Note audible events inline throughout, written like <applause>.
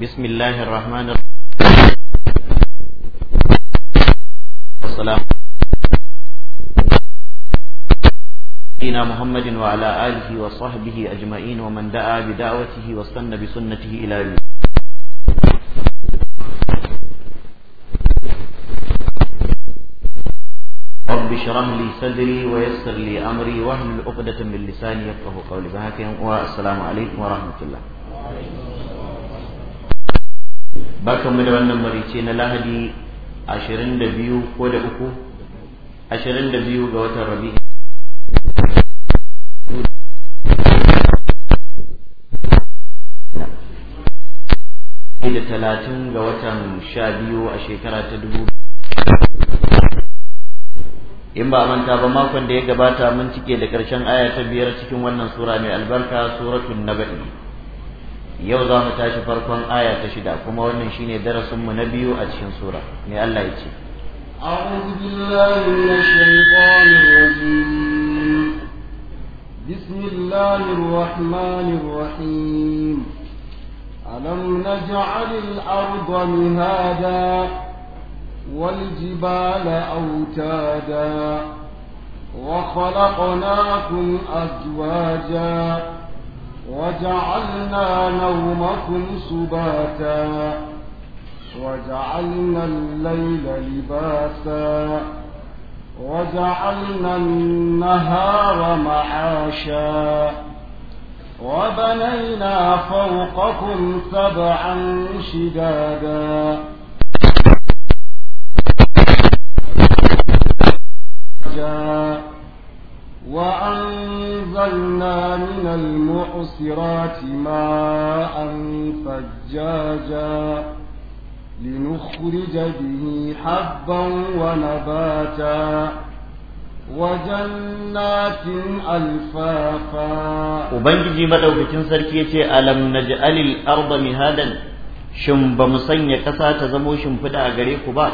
بسم الله الرحمن الرحيم والسلام سيدنا محمد وعلى آله وصحبه أجمعين ومن دعا بدعوته واستنى بسنته إلى يوم رب اشرح لي صدري ويسر لي أمري واحلل عقدة من لساني يفقه قولي بهاك والسلام عليكم ورحمة الله barkan mu da wannan marice na lahadi 22 ko da uku 22 ga watan rabi da talatin ga watan sha biyu a shekara ta dubu in ba manta ba makon da ya gabata mun cike da ƙarshen aya ta biyar cikin wannan sura mai albarka suratun naba'i yau za mu tashi farkon aya ta shida kuma wannan shine darasin mu na biyu a cikin sura me Allah ya ce أعوذ بالله من الشيطان الرجيم بسم الله الرحمن الرحيم ألم نجعل الأرض مهادا والجبال أوتادا وخلقناكم أزواجا وجعلنا نومكم سباتا وجعلنا الليل لباسا وجعلنا النهار معاشا وبنينا فوقكم سبعا شدادا Yeah. وأنزلنا من المعصرات ماء فجاجا لنخرج به حبا ونباتا وجنات ألفافا وبنجي مدعو كتن سركيتي ألم نجعل الأرض مهادا shin ba mu sanya ƙasa ta zamo shimfiɗa a gare ku ba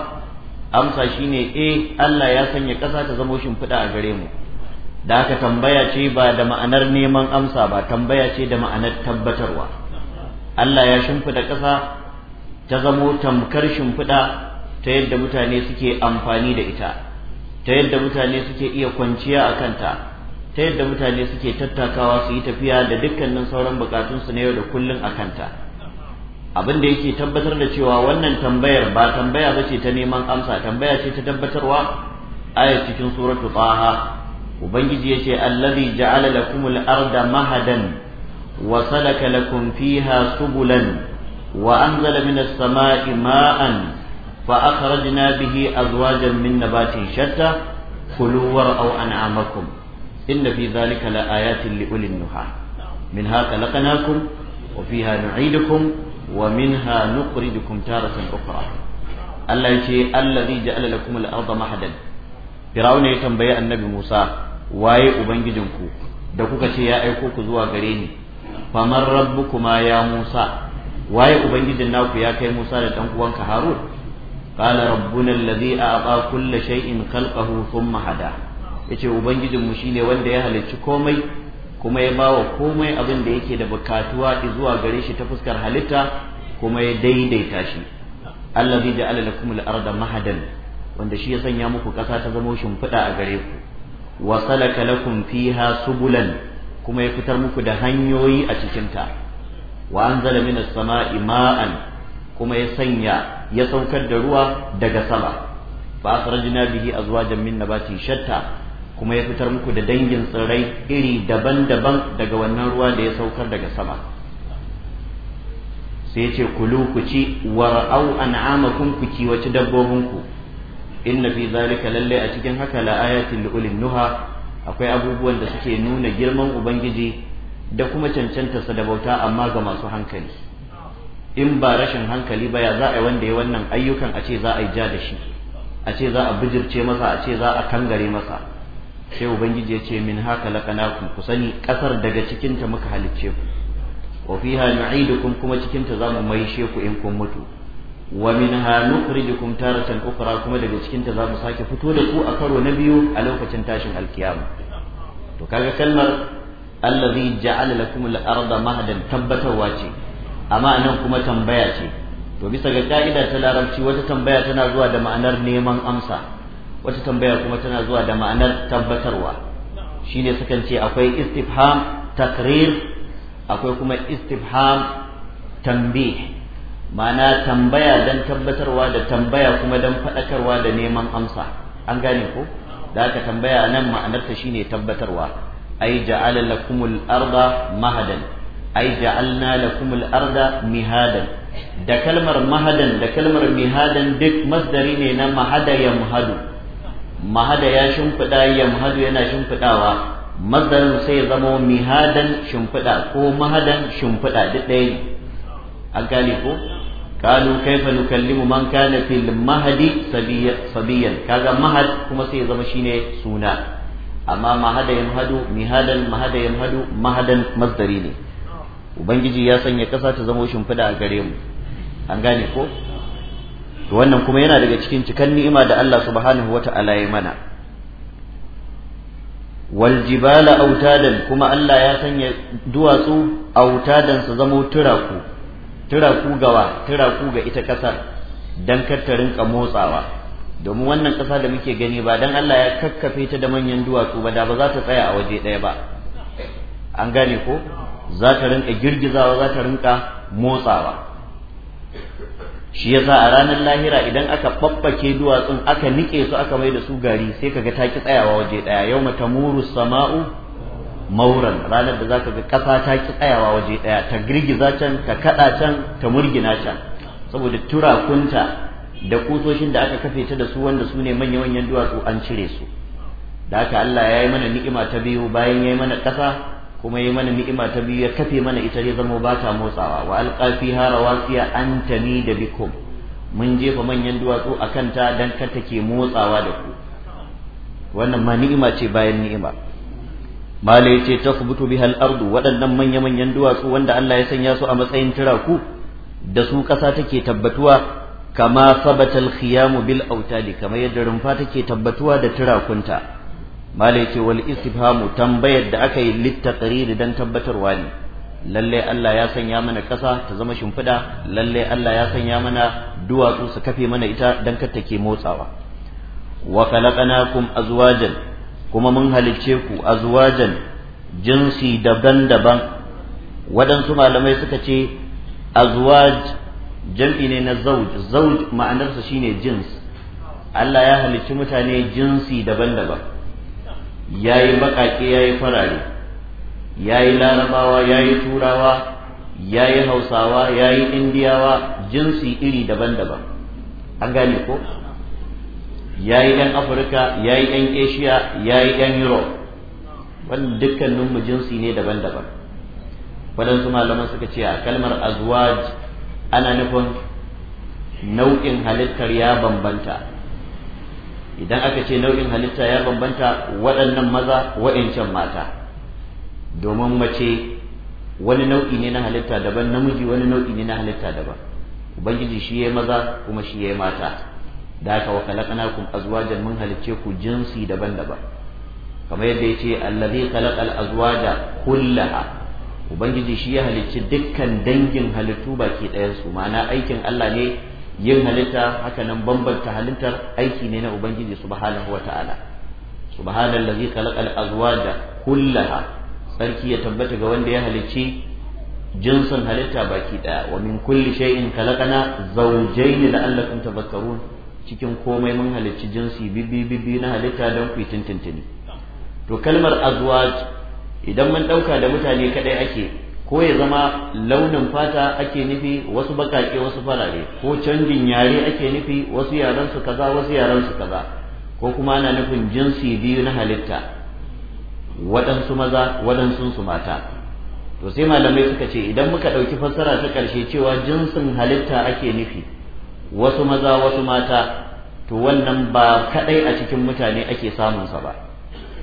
amsa shine eh Allah ya sanya ƙasa ta zamo shimfiɗa a gare mu da aka tambaya ce ba da ma'anar neman amsa ba tambaya ce da ma'anar tabbatarwa Allah ya shimfida ƙasa ta zamo tamkar shimfiɗa ta yadda mutane suke amfani da ita ta yadda mutane suke iya kwanciya a kanta ta yadda mutane suke tattakawa su yi tafiya da dukkanin sauran bukatunsu na yau da kullum a kanta abin da yake tabbatar da cewa wannan tambayar ba tambaya ba ce ta neman amsa tambaya ce ta tabbatarwa ayat cikin suratu taha ubangiji ce allazi ja'ala lakumul arda mahadan wa salaka lakum fiha subulan wa anzala minas sama'i ma'an fa akhrajna bihi azwajan min nabatin shatta kulu war'u an'amakum inna fi dhalika laayatin liulil nuha minha khalaqnakum wa fiha nu'idukum wa minha nukhrijukum taratan ukhra Allah yace allazi ja'ala lakumul arda mahadan Firawuna ya tambayi annabi Musa waye ubangijinku da kuka ce ya aiko ku zuwa gare ni rabbu rabbukuma ya Musa waye ubangijin naku ya kai Musa da dan uwanka Harun qala rabbuna alladhi a'ta in shay'in khalqahu thumma hada yace ubangijin mu shine wanda ya halicci komai kuma ya bawa komai abin da yake da bukatuwa zuwa gare shi ta fuskar halitta kuma ya daidaita shi allazi ja'ala lakum al-arda mahadan wanda shi ya sanya muku ƙasa ta zama shimfiɗa a gare ku wa salaka lakum fiha subulan kuma ya fitar muku da hanyoyi a cikinta. ta wa anzala minas sama'i ma'an kuma ya sanya ya saukar da ruwa daga sama fa akhrajna bihi azwajan min nabatin shatta kuma ya fitar muku da dangin tsirrai iri daban-daban daga wannan ruwa da ya saukar daga sama sai ce ce kulu ku ci war'au an'amakum ku kiwaci dabbobinku inna fi zalika lalle a cikin haka la ayatin liulin nuha akwai abubuwan da suke nuna girman ubangiji da kuma cancanta sa da bauta amma ga masu hankali in ba rashin hankali ba ya za a yi wanda ya wannan ayyukan a ce za a yi ja da shi a ce za a bijirce masa a ce za a kangare masa sai ubangiji ya ce min haka laqanakum ku sani kasar daga cikin ta muka halicce ku wa fiha nu'idukum kuma cikin ta zamu maishe ku in kun mutu wa minha nukhrijukum taratan ukhra kuma daga cikin ta zamu sake fito da ku a karo na biyu a lokacin tashin alkiyama to kaga kalmar allazi ja'ala lakum al-arda mahdan tabbatarwa ce amma nan kuma tambaya ce to bisa ga ƙa'ida ta larabci wata tambaya tana zuwa da ma'anar neman amsa wata tambaya kuma tana zuwa da ma'anar tabbatarwa shine sukan ce akwai istifham takrir akwai kuma istifham tambih ma'ana tambaya dan tabbatarwa da tambaya kuma dan faɗakarwa da neman amsa an gane ko da aka tambaya nan ma'anarta shine tabbatarwa ai ja'ala lakumul arda mahadan ai ja'alna lakumul arda mihadan da kalmar mahadan da kalmar mihadan duk masdari ne na mahada yamhadu mahada ya shimfiɗa yamhadu yana shimfiɗawa masdarin sai ya zama mihadan shimfiɗa ko mahadan shimfiɗa duk ɗaya ne an gane ko قالوا كيف نكلم من كان في المهد Mahadi صبيا كذا مهد كما سي زما شينه سونا اما مهد يمهد مهدا مهد يمهد مهدا مصدري ne ubangiji ya sanya kasa ta zama shimfida a gare mu an gane ko to wannan kuma yana daga cikin cikan ni'ima da Allah subhanahu wata'ala ya mana wal autadan kuma Allah ya sanya duwatsu autadansa su zama turaku tura ku gawa tura ku ga ita kasa dan kar ta rinka motsawa domin wannan ƙasa da muke gani ba dan Allah ya kakkafe ta da manyan duwatsu ba da ba za ta tsaya a waje ɗaya ba an gane ko za ta rinka girgizawa za ta rinka motsawa shi yasa a ranar lahira idan aka babbake duwatsun aka nike su aka mai da su gari sai kaga ta ki tsayawa waje ɗaya yau mata muru sama'u mauran ranar da za ka ga kasa ta ki tsayawa waje ɗaya ta girgiza can ta kaɗa can ta murgina can saboda turakunta da kusoshin da aka kafe ta da su wanda su ne manya manyan duwatsu an cire su da aka Allah ya yi mana ni'ima ta biyu bayan ya yi mana ƙasa kuma ya yi mana ni'ima ta biyu ya kafe mana ita ya zama ba ta motsawa wa alƙafi fiha rawasiya an da bikum mun jefa manyan duwatsu a kanta dan kar take motsawa da ku wannan ma ni'ima ce bayan ni'ima mala yace takhbutu bihal ardu waɗannan manya-manyan duwatsu wanda Allah ya sanya su a matsayin tiraku da su ƙasa take tabbatuwa kama sabatal khiyamu bil autali kamar yadda rumfa take tabbatuwa da tirakunta mala yace wal istifhamu tambayar da aka yi littaqrir dan tabbatarwa ne Lallai Allah ya sanya mana ƙasa ta zama shimfiɗa Lallai Allah ya sanya mana duwatsu su kafe mana ita dan kar take motsawa wa khalaqnakum azwajan kuma mun halicce ku azwajan jinsi daban-daban waɗansu malamai suka ce azwaj jam'i ne na zauj zauj ma'anarsa shine jins Allah ya halicci mutane jinsi daban-daban yayi baƙaƙe yayi farare yayi larabawa yayi turawa yayi hausawa yayi indiyawa jinsi iri daban-daban an gane ko ya yi ɗan afirka ya yi ɗan asia ya yi ɗan europe wannan dukkanin mu jinsi ne daban-daban waɗansu malaman suka ce a kalmar azwaj ana nufin nau'in halittar ya bambanta idan aka ce nau'in halitta ya bambanta waɗannan maza wa'incan mata domin mace wani nau'i ne na halitta daban namiji wani nau'i ne na halitta daban ubangiji shi ya maza kuma shi ya mata da haka wa khalaqnakum azwajan mun halicce ku jinsi daban-daban kamar yadda ya ce allazi khalaqal azwaja kullaha ubangiji shi ya halicci dukkan dangin halittu baki ɗayan su ma'ana aikin Allah ne yin halitta haka nan bambanta halittar aiki ne na ubangiji subhanahu wata'ala subhanallazi khalaqal azwaja kullaha sarki ya tabbata ga wanda ya halicci jinsin halitta baki ɗaya wa min kulli shay'in khalaqana zawjayn la'allakum tadhakkarun cikin komai mun halicci jinsi bibbi bibi na halitta don ku tintintini to kalmar azwaj idan mun ɗauka da mutane kadai ake ko ya zama launin fata ake nufi wasu bakake wasu farare ko canjin yare ake nufi wasu yaran su kaza wasu yaran su kaza ko kuma ana nufin jinsi biyu na halitta waɗansu maza waɗansu su mata to sai malamai suka ce idan muka ɗauki fassara ta ƙarshe cewa jinsin halitta ake nufi wasu maza wasu mata to wannan ba kadai a cikin mutane ake samun sa ba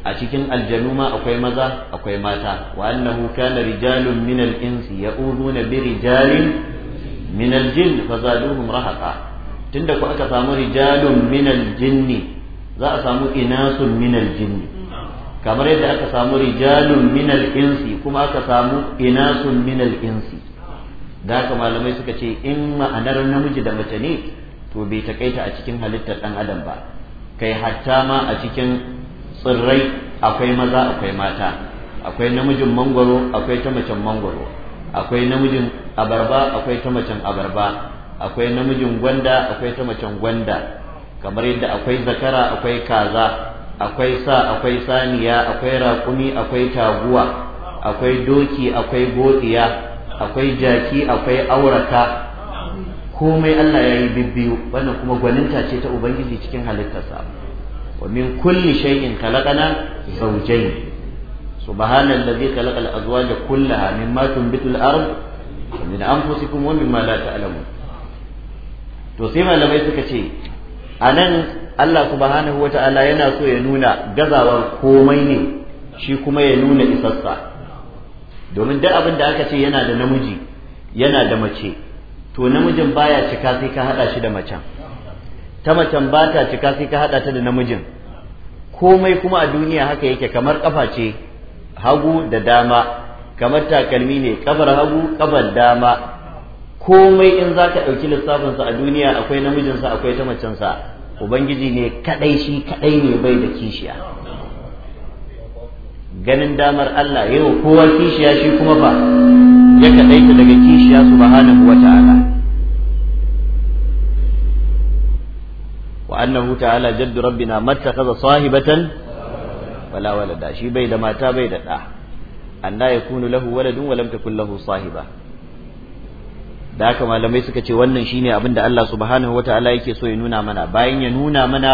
a cikin aljanu ma akwai maza akwai mata wa annahu kana rijalun min al-insi ya'uduna bi rijalin min al-jinn fazaduhum rahaqa tunda ku aka samu rijalun min al-jinn za a samu inasun min al-jinn kamar yadda aka samu rijalun min al-insi kuma aka samu inasun min al-insi da haka malamai suka ce in ma'anar namiji da mace ne to bai takaita a cikin halittar ɗan adam ba kai hatta ma a cikin tsirrai akwai maza akwai mata akwai namijin mangwaro akwai ta macen mangwaro akwai namijin abarba akwai ta macen abarba akwai namijin gwanda akwai ta macen gwanda kamar yadda akwai zakara akwai kaza akwai sa akwai saniya akwai raƙumi akwai taguwa akwai doki akwai godiya akwai jaki akwai aurata komai Allah ya yi bibbiyu wannan kuma gwaninta ce ta ubangiji cikin halittarsa wa min kulli shay'in khalaqana zawjayn subhana allazi khalaqa al azwaja kullaha mimma tunbitu al-ard min anfusikum wa mimma la ta'lamun to sai malamai suka ce anan Allah subhanahu wata'ala yana so ya nuna gazawar komai ne shi kuma ya nuna isassa domin duk abin da aka ce yana da namiji yana da mace to namijin baya cika sai ka hada shi da macen ta macen ba ta cika sai ka hada ta da namijin komai kuma a duniya haka yake kamar kafa ce hagu da dama kamar takalmi ne kafar hagu kafar dama komai in za ka ɗauki lissafinsa a duniya akwai namijinsa akwai ta macensa ubangiji ne kaɗai shi kaɗai ne bai da kishiya ganin damar Allah yau kowa kishiya shi kuma fa ya kadaita daga kishiya subhanahu wa ala wa annahu ta'ala jaddu rabbina mattakhadha sahibatan wala walada shi bai da mata bai da da anna kunu lahu waladun wa lam takun lahu sahiba da haka malamai suka ce wannan shine abin da Allah subhanahu ala yake so ya nuna mana bayan ya nuna mana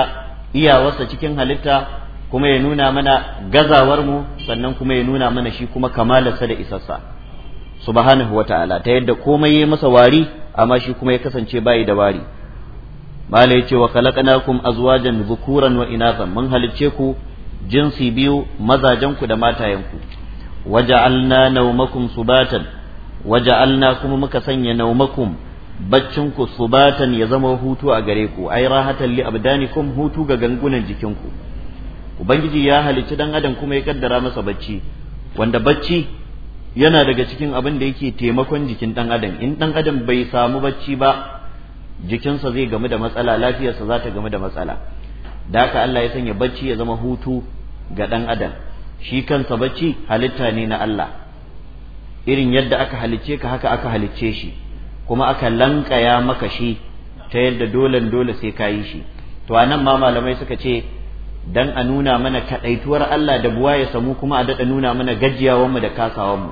iyawarsa cikin halitta kuma ya nuna mana gazawar mu sannan kuma ya nuna mana shi kuma kamalarsa da isassa subhanahu wata'ala ta yadda komai ya masa wari amma shi kuma ya kasance bai da wari mala yace wa khalaqnakum azwajan dhukuran wa inathan mun halicce ku jinsi biyu mazajen ku da matayen ku waja'alna nawmakum subatan waja'alna kuma muka sanya nawmakum baccin ku subatan ya zama hutu a gare ku ai rahatan li abdanikum hutu ga gangunan jikin ku ubangiji ya halicci dan adam kuma ya kaddara masa bacci wanda bacci yana daga cikin abin da yake taimakon jikin dan adam in dan adam bai samu bacci ba jikinsa zai gamu da matsala lafiyarsa za ta gamu da matsala da haka Allah ya sanya bacci ya zama hutu ga dan adam shi kansa bacci halitta ne na Allah irin yadda aka halicce ka haka aka halicce shi kuma aka lankaya maka shi ta yadda dole dole sai ka yi shi to anan ma malamai suka ce dan a nuna mana kadaituwar Allah da buwa ya samu kuma a dada nuna mana gajiyawar mu da kasawar mu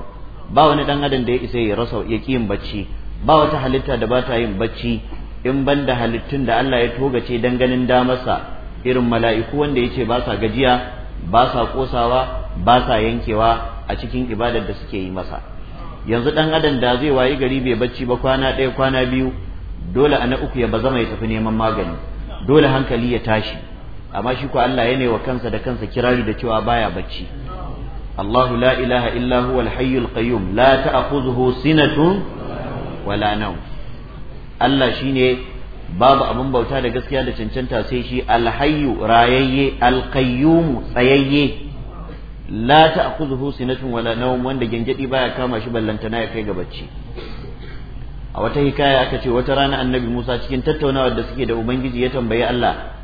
ba wani dan adam da ya isa ya rasa ya yin bacci ba wata halitta da ba ta yin bacci in banda halittun da Allah ya togace dan ganin damarsa irin mala'iku wanda yace ba sa gajiya ba sa kosawa ba sa yankewa a cikin ibadar da suke yi masa yanzu dan adam da zai wayi gari bai bacci ba kwana ɗaya kwana biyu dole a na uku ya bazama ya tafi neman magani dole hankali ya tashi amma shi ko Allah yana wa kansa da kansa kirari da cewa baya bacci Allahu la ilaha illa huwa al-hayyul qayyum la ta'khudhuhu sinatun wala nawm Allah shine babu abin bauta da gaskiya da cancanta sai shi al-hayyu rayayye al-qayyum tsayayye la ta'khudhuhu sinatun wala nawm wanda gengedi baya kama shi ballantana ya kai ga bacci a wata hikaya aka ce wata rana annabi Musa cikin tattaunawar da suke da ubangiji ya tambayi Allah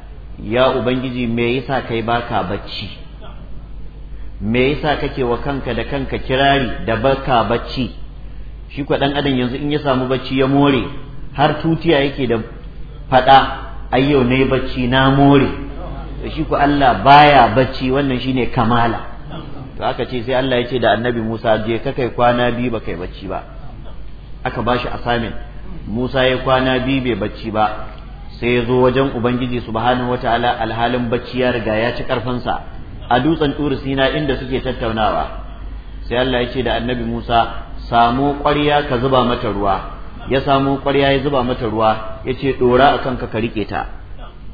ya ubangiji me yasa kai baka bacci me yasa kake wa kanka da kanka kirari da baka bacci shi kwa dan adam yanzu in ya samu bacci ya more har tutiya yake da fada ayyau ne bacci na more to shi ku Allah baya bacci wannan shine kamala to aka ce sai Allah ya ce da annabi Musa je ka kai kwana biyu ba kai bacci ba aka bashi assignment Musa ya kwana biyu bai bacci ba sai ya zo wajen ubangiji subhanahu wataala alhalin bacci ya riga ya ci ƙarfansa a dutsen turi sina inda suke tattaunawa sai Allah ya ce da annabi Musa samu ƙwarya ka zuba mata ruwa ya samu ƙwarya ya zuba mata ruwa ya ce ɗora a kanka ka rike ta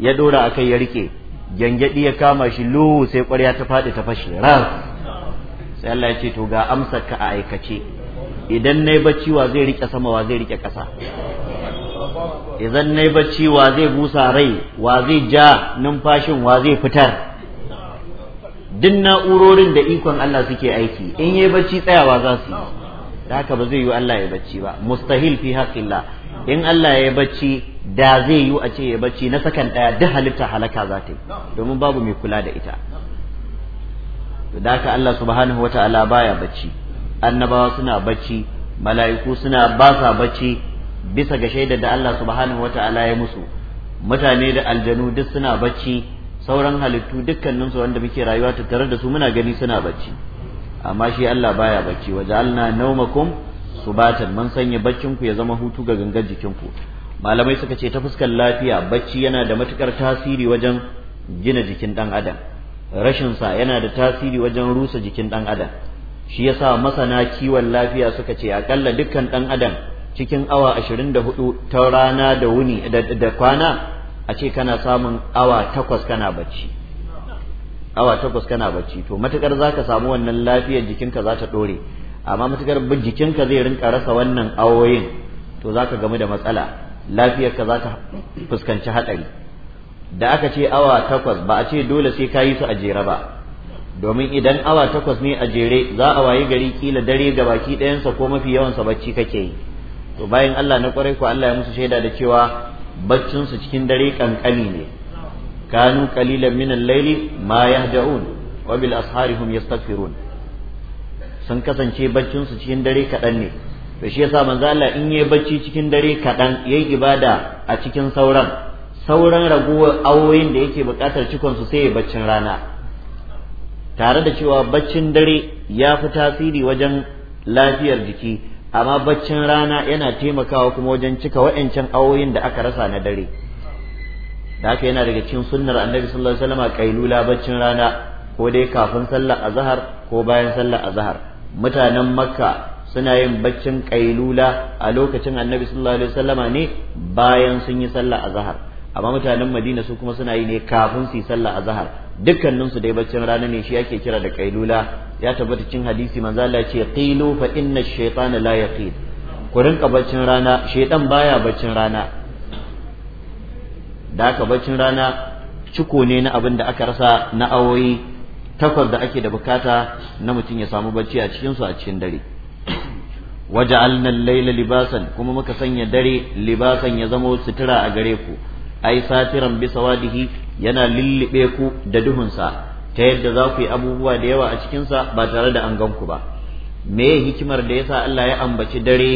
ya dora a kai ya rike gyangyaɗi ya kama shi lo sai ƙwarya ta faɗi ta fashe ran sai Allah ya ce to ga amsar ka a aikace idan na yi bacci wa zai rike sama wa zai rike ƙasa idan na bacci wa zai busa rai wa zai ja numfashin wa zai fitar duk na'urorin da ikon Allah suke aiki in yi bacci tsayawa za su yi da haka ba zai yi Allah ya bacci ba mustahil fi illa in Allah ya bacci da zai yi a ce ya bacci na sakan daya duk halitta halaka za ta yi domin babu mai kula da ita to da haka Allah subhanahu wataala baya bacci annabawa suna bacci mala'iku suna ba sa bacci bisa ga shaidar da Allah subhanahu wata'ala ya musu mutane da aljanu duk suna bacci sauran halittu dukkaninsu wanda muke rayuwa tattare da su muna gani suna bacci amma shi Allah baya bacci wa ja'alna nawmakum subatan man sanya baccin ku ya zama hutu ga gangar jikin ku malamai suka ce ta fuskar lafiya bacci yana da matukar tasiri wajen gina jikin dan adam rashin sa yana da tasiri wajen rusa jikin dan adam shi yasa masana kiwon lafiya suka ce akalla dukkan dan adam cikin awa 24 ta rana da wuni da kwana a ce kana samun awa takwas kana bacci awa takwas kana bacci to matukar ka samu wannan lafiyar jikinka za ta dore amma matukar jikinka zai rinka rasa wannan awoyin to za ka gamu da matsala lafiyarka za ta fuskanci hatsari da aka ce awa takwas ba a ce dole sai ka yi su a jere ba domin idan awa takwas ne a jere za a wayi gari kila dare ga baki ɗayansa ko mafi yawansa bacci kake yi to bayan Allah na kwarai ko Allah ya musu shaida da cewa baccin su cikin dare kankani ne kanu qalilan min al-layli ma yahja'un wa bil ashari hum yastaghfirun sun kasance baccin su cikin dare kadan ne to shi yasa manzo Allah in yayi bacci cikin dare kadan yayi ibada a cikin sauran sauran raguwar awoyin da yake bukatar cikon su sai ya baccin rana tare da cewa baccin dare ya fi tasiri wajen lafiyar jiki amma baccin rana yana taimakawa kuma wajen cika wa'ancan awoyin da aka rasa na dare da haka yana daga cikin sunnar annabi sallallahu alaihi wasallam kailula baccin rana ko dai kafin sallar azhar ko bayan sallar azhar mutanen makka suna yin baccin kailula a lokacin annabi sallallahu alaihi wasallama ne bayan sun yi sallar azhar amma mutanen madina su kuma suna yi ne kafin su yi sallar azhar su dai baccin rana ne shi ake kira da kailula ya tabbata cin hadisi manzo Allah ce qilu fa inna ash-shaytana la yaqil ku rinka baccin rana shaytan baya baccin rana da ka baccin rana ciko ne na abin da aka rasa na awoyi takwas da ake da bukata na mutum ya samu bacci a cikin su a cikin dare waja'alna al-layla libasan kuma muka sanya dare libasan ya zama sutura a gare ku ai satiran bi sawadihi yana lillibe ku da duhunsa ta yadda za ku yi abubuwa da yawa a cikinsa ba tare da an gan ku ba me hikimar da yasa Allah ya ambaci dare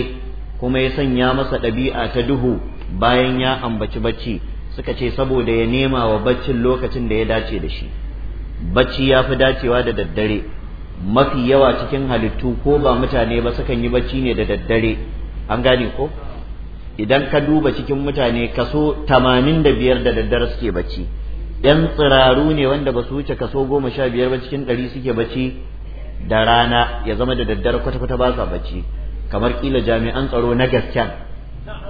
kuma ya sanya masa ɗabi'a ta duhu bayan ya ambaci bacci suka ce saboda ya nema wa baccin lokacin da ya dace da shi bacci ya fi dacewa da daddare mafi yawa cikin halittu ko ba mutane ba sukan yi bacci ne da daddare an gane ko idan ka duba cikin mutane kaso tamanin da biyar daddare suke bacci yan tsiraru ne wanda ba su wuce kaso goma sha biyar ba cikin ɗari suke bacci da rana ya zama da daddare kwata-kwata ba sa bacci kamar kila jami'an tsaro na gasken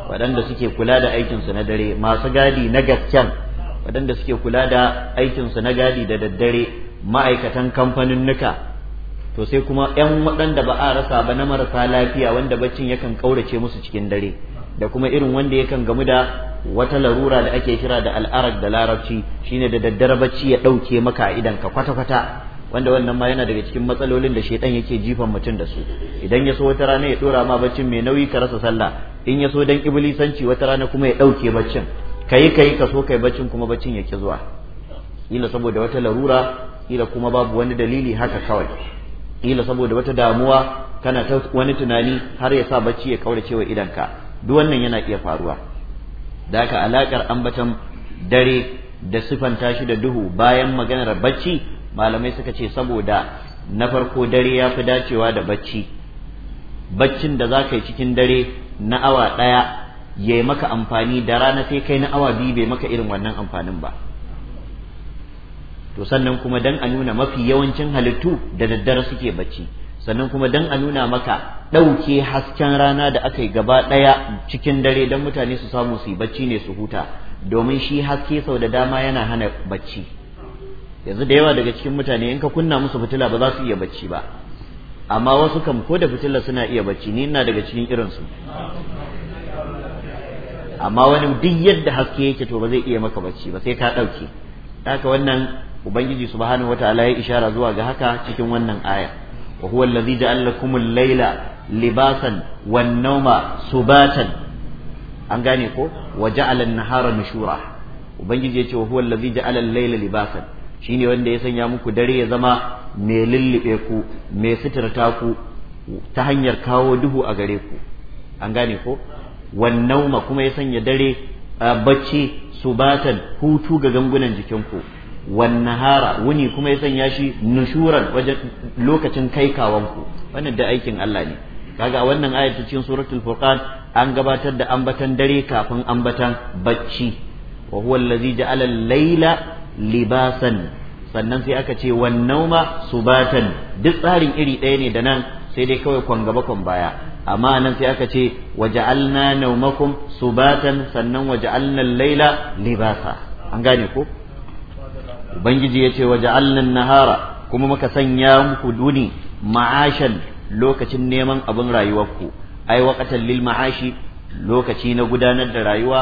waɗanda suke kula da aikinsu na dare masu gadi na gasken waɗanda suke kula da aikinsu na gadi da daddare ma'aikatan kamfanin nuka to sai kuma 'yan waɗanda ba a rasa ba na marasa lafiya wanda baccin yakan ƙaurace musu cikin dare da kuma irin wanda yakan gamu da wata larura da ake kira da al'arak da larabci shine da daddare bacci ya ɗauke maka a idan ka kwata-kwata wanda wannan ma yana daga cikin matsalolin da shaidan yake jifan mutum da su idan ya so wata rana ya ɗora ma baccin mai nauyi ka rasa sallah in ya so dan ibilisanci wata rana kuma ya ɗauke baccin kayi kayi ka so kai baccin kuma baccin ya zuwa ila saboda wata larura ila kuma babu wani dalili haka kawai ila saboda wata damuwa kana ta wani tunani har ya sa bacci ya kaurace wa idanka duk wannan yana iya faruwa da haka alakar ambatan dare da sifan tashi da duhu bayan maganar bacci malamai suka ce saboda na farko dare ya fi dacewa da bacci baccin da za ka yi cikin dare na awa ɗaya ya maka amfani da rana sai kai na awa biyu bai maka irin wannan amfanin ba to sannan kuma dan a nuna mafi yawancin halittu da daddare suke bacci sannan kuma dan a nuna maka ɗauke hasken rana da aka yi gaba ɗaya cikin dare don mutane su samu su yi bacci ne su huta domin shi haske sau da dama yana hana bacci yanzu da yawa daga cikin mutane in ka kunna musu fitila ba za su iya bacci ba amma wasu kam ko da fitila suna iya bacci ni ina daga cikin irinsu amma wani duk yadda haske yake to ba zai iya maka bacci ba sai ka ɗauke haka wannan ubangiji subhanahu wataala ya ishara zuwa ga haka cikin wannan aya wa huwa allazi ja'al lakum al-laila libasan wan nawma subatan an gane ko wa ja'ala an-nahara nushura ubangiji yace wa huwa allazi ja'ala al-laila libasan shine wanda ya sanya muku dare ya zama mai lullube ku mai suturta ku ta hanyar kawo duhu a gare ku an gane ko wan nauma kuma ya sanya dare bacci subatan hutu ga gangunan jikinku wan nahara wuni kuma ya sanya shi nushuran wajen lokacin kai kawanku wannan da aikin Allah ne kaga a wannan ayat cikin suratul furqan an gabatar da ambatan dare kafin ambatan bacci wa huwa allazi laila libasan sannan sai aka ce wan nauma subatan duk tsarin iri ɗaya ne da nan sai dai kawai kwan gaba kwan baya amma nan sai aka ce wa ja'alna naumakum subatan sannan waje ja'alna al-laila libasa an gane ko ubangiji ya ce yace ja'alnan nahara kuma muka sanya muku duni ma'ashan lokacin neman abin rayuwarku ai waqatan lil ma'ashi lokaci na gudanar da rayuwa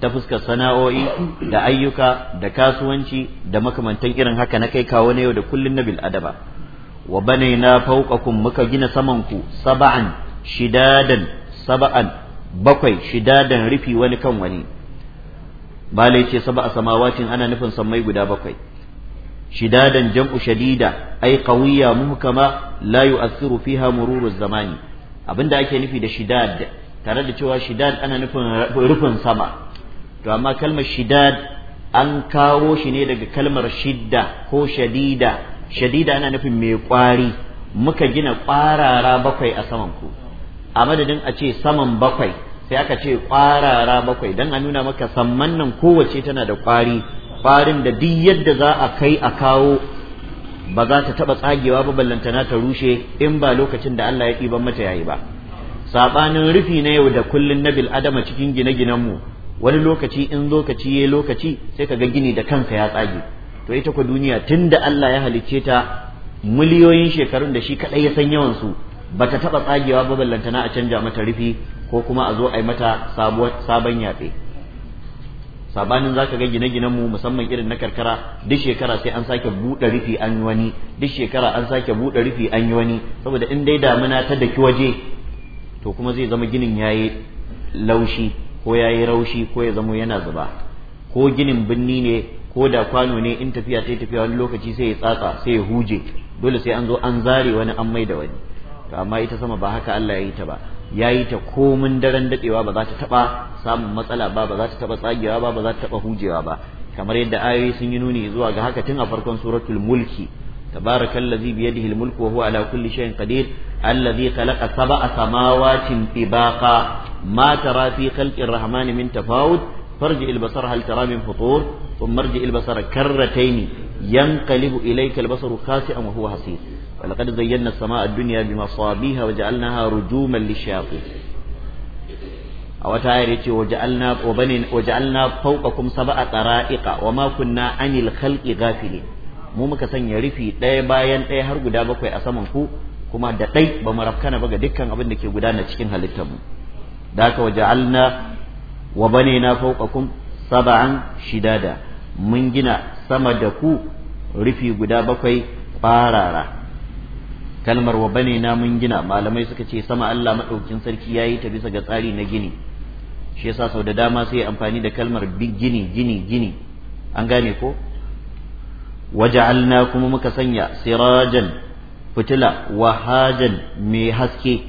ta fuskar sana'o'i da ayyuka da kasuwanci da makamantan irin haka na kai kawo na yau da kullun na bil adaba wa banaina fawqakum muka gina saman ku sab'an shidadan sab'an bakwai shidadan rufi wani kan wani bale ce sab'a samawacin ana nufin sammai guda bakwai shidadan jam'u shadida ai qawiyya muhkama la yu'athiru fiha mururu zamani abinda ake nufi da shidad tare da cewa shidad ana nufin rufin sama to amma kalmar shidad an kawo shi ne daga kalmar shidda ko shadida shadida ana nufin mai kwari muka gina kwarara bakwai a saman ku a madadin a ce saman bakwai sai aka ce ƙwarara bakwai don a nuna maka samman nan kowace tana da ƙwari. kwarin da duk yadda za a kai a kawo ba za ta taɓa tsagewa ba ballantana ta rushe in ba lokacin da Allah ya ban mata yayi ba saɓanin rufi na yau da kullun na bil'adama cikin gine ginen mu wani lokaci in lokaci yayi lokaci sai ka ga gini da kansa ya tsage to ita ko duniya tunda Allah ya halicce ta miliyoyin shekarun da shi kaɗai ya san yawansu ba ta taba tsagewa ba ballantana a canja mata rufi ko kuma a zo a yi mata sabon yatsa. sabanin zaka ga gine-ginen mu musamman irin na karkara duk shekara sai an sake buɗe rufi an yi wani duk shekara an sake buɗe rufi an yi wani saboda in dai damuna ta daki waje to kuma zai zama ginin yayi laushi ko yayi raushi ko ya zama yana zuba ko ginin binni ne ko da kwano ne in tafiya ta tafiya wani lokaci sai ya tsatsa sai ya huje dole sai an zo an zare wani an mai da wani to amma ita sama ba haka Allah ya yi ta ba ya yi ta komin daren dadewa ba za ta taba samun matsala ba ba za ta taba tsagewa ba ba za ta taba hujewa ba kamar yadda ayoyi sun yi nuni zuwa ga haka tun a farkon suratul mulki tabarakallazi biyadihi almulku wa huwa ala kulli shay'in qadir allazi sab'a samawatin tibaqa ma tara fi min tafawut farji albasar hal tara min futur thumma marji albasar karrataini yanqalibu ilayka albasaru khasi'an wa ولقد زينا السماء الدنيا بمصابيها وجعلناها رجوما للشياطين أو تعالى وجعلنا وبنين وجعلنا فوقكم سبع طرائق وما كنا عن الخلق غافلين mu muka sanya rufi ɗaya bayan ɗaya har guda bakwai a saman ku kuma da ɗai ba mu rafkana ba ga dukkan abin da ke gudana cikin halittar mu da waje al'na wa na fawqakum saba'an shidada mun gina sama da ku rufi guda bakwai farara. kalmar wa bane na mun gina malamai suka ce sama Allah maɗaukin sarki ya yi ta bisa ga tsari na gini shi yasa sau da dama sai amfani da kalmar gini gini gini an gane ko waja'alna kuma muka sanya sirajan fitila wahajan mai haske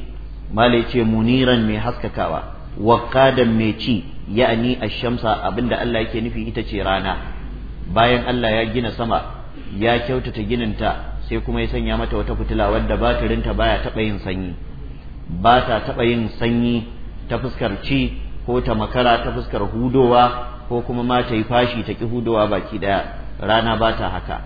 malai ce muniran mai haskakawa waqadan mai ci ya'ani ash-shamsa abinda Allah yake nufi ita ce rana bayan Allah ya gina sama ya kyautata gininta sai kuma ya sanya mata wata fitila wadda batirinta baya taɓa yin sanyi ba ta taɓa yin sanyi ta fuskar ci ko ta makara ta fuskar hudowa ko kuma ma ta yi fashi ta ƙi hudowa baki ɗaya rana ba ta haka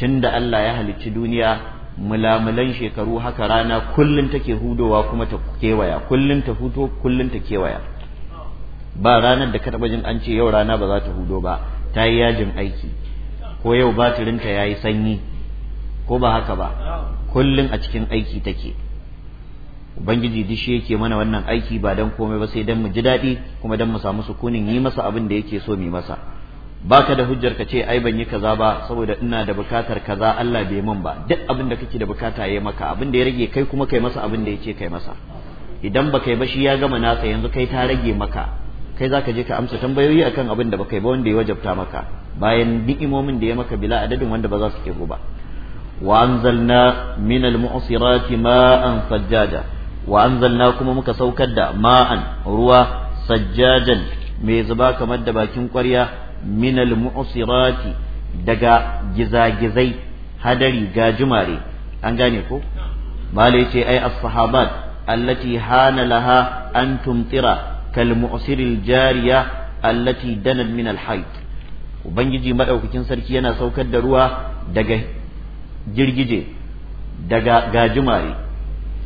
tunda Allah ya halicci duniya mulamulan shekaru haka rana kullum take hudowa kuma ta kewaya kullum ta huto kullum ta kewaya ba ranar da ka taɓa jin an ce yau rana ba za ta hudo ba ta yi yajin aiki ko yau batirinta ya yi sanyi ko ba haka ba kullum a cikin aiki take ubangiji duk shi yake mana wannan aiki ba dan komai ba sai dan mu ji daɗi kuma dan mu samu sukunin yi masa abin da yake so mu masa baka da hujjar ka ce ai ban yi kaza ba saboda ina da bukatar kaza Allah bai min ba duk abin da kake da bukata yayi maka abin da ya rage kai kuma kai masa abin da yake kai masa idan baka yi ba shi ya gama nasa yanzu kai ta rage maka kai zaka je ka amsa tambayoyi akan abin da baka yi ba wanda ya wajabta maka bayan ni'imomin da ya maka bila adadin wanda ba za su ke ba وأنزلنا من المعصرات ماء سجاجا وأنزلنا كما مكسوكدا ماء روى سجاجا ميزبا كما دباكين قرية من المعصرات دقا جزا جزي هدري قا جماري أنغانيكو ماليتي أي الصحابات التي هان لها أن تمطر كالمعصر الجارية التي دنت من الحيض وبنجي مدعوكين سركي أنا سوكد روى دقا girgije daga gajimare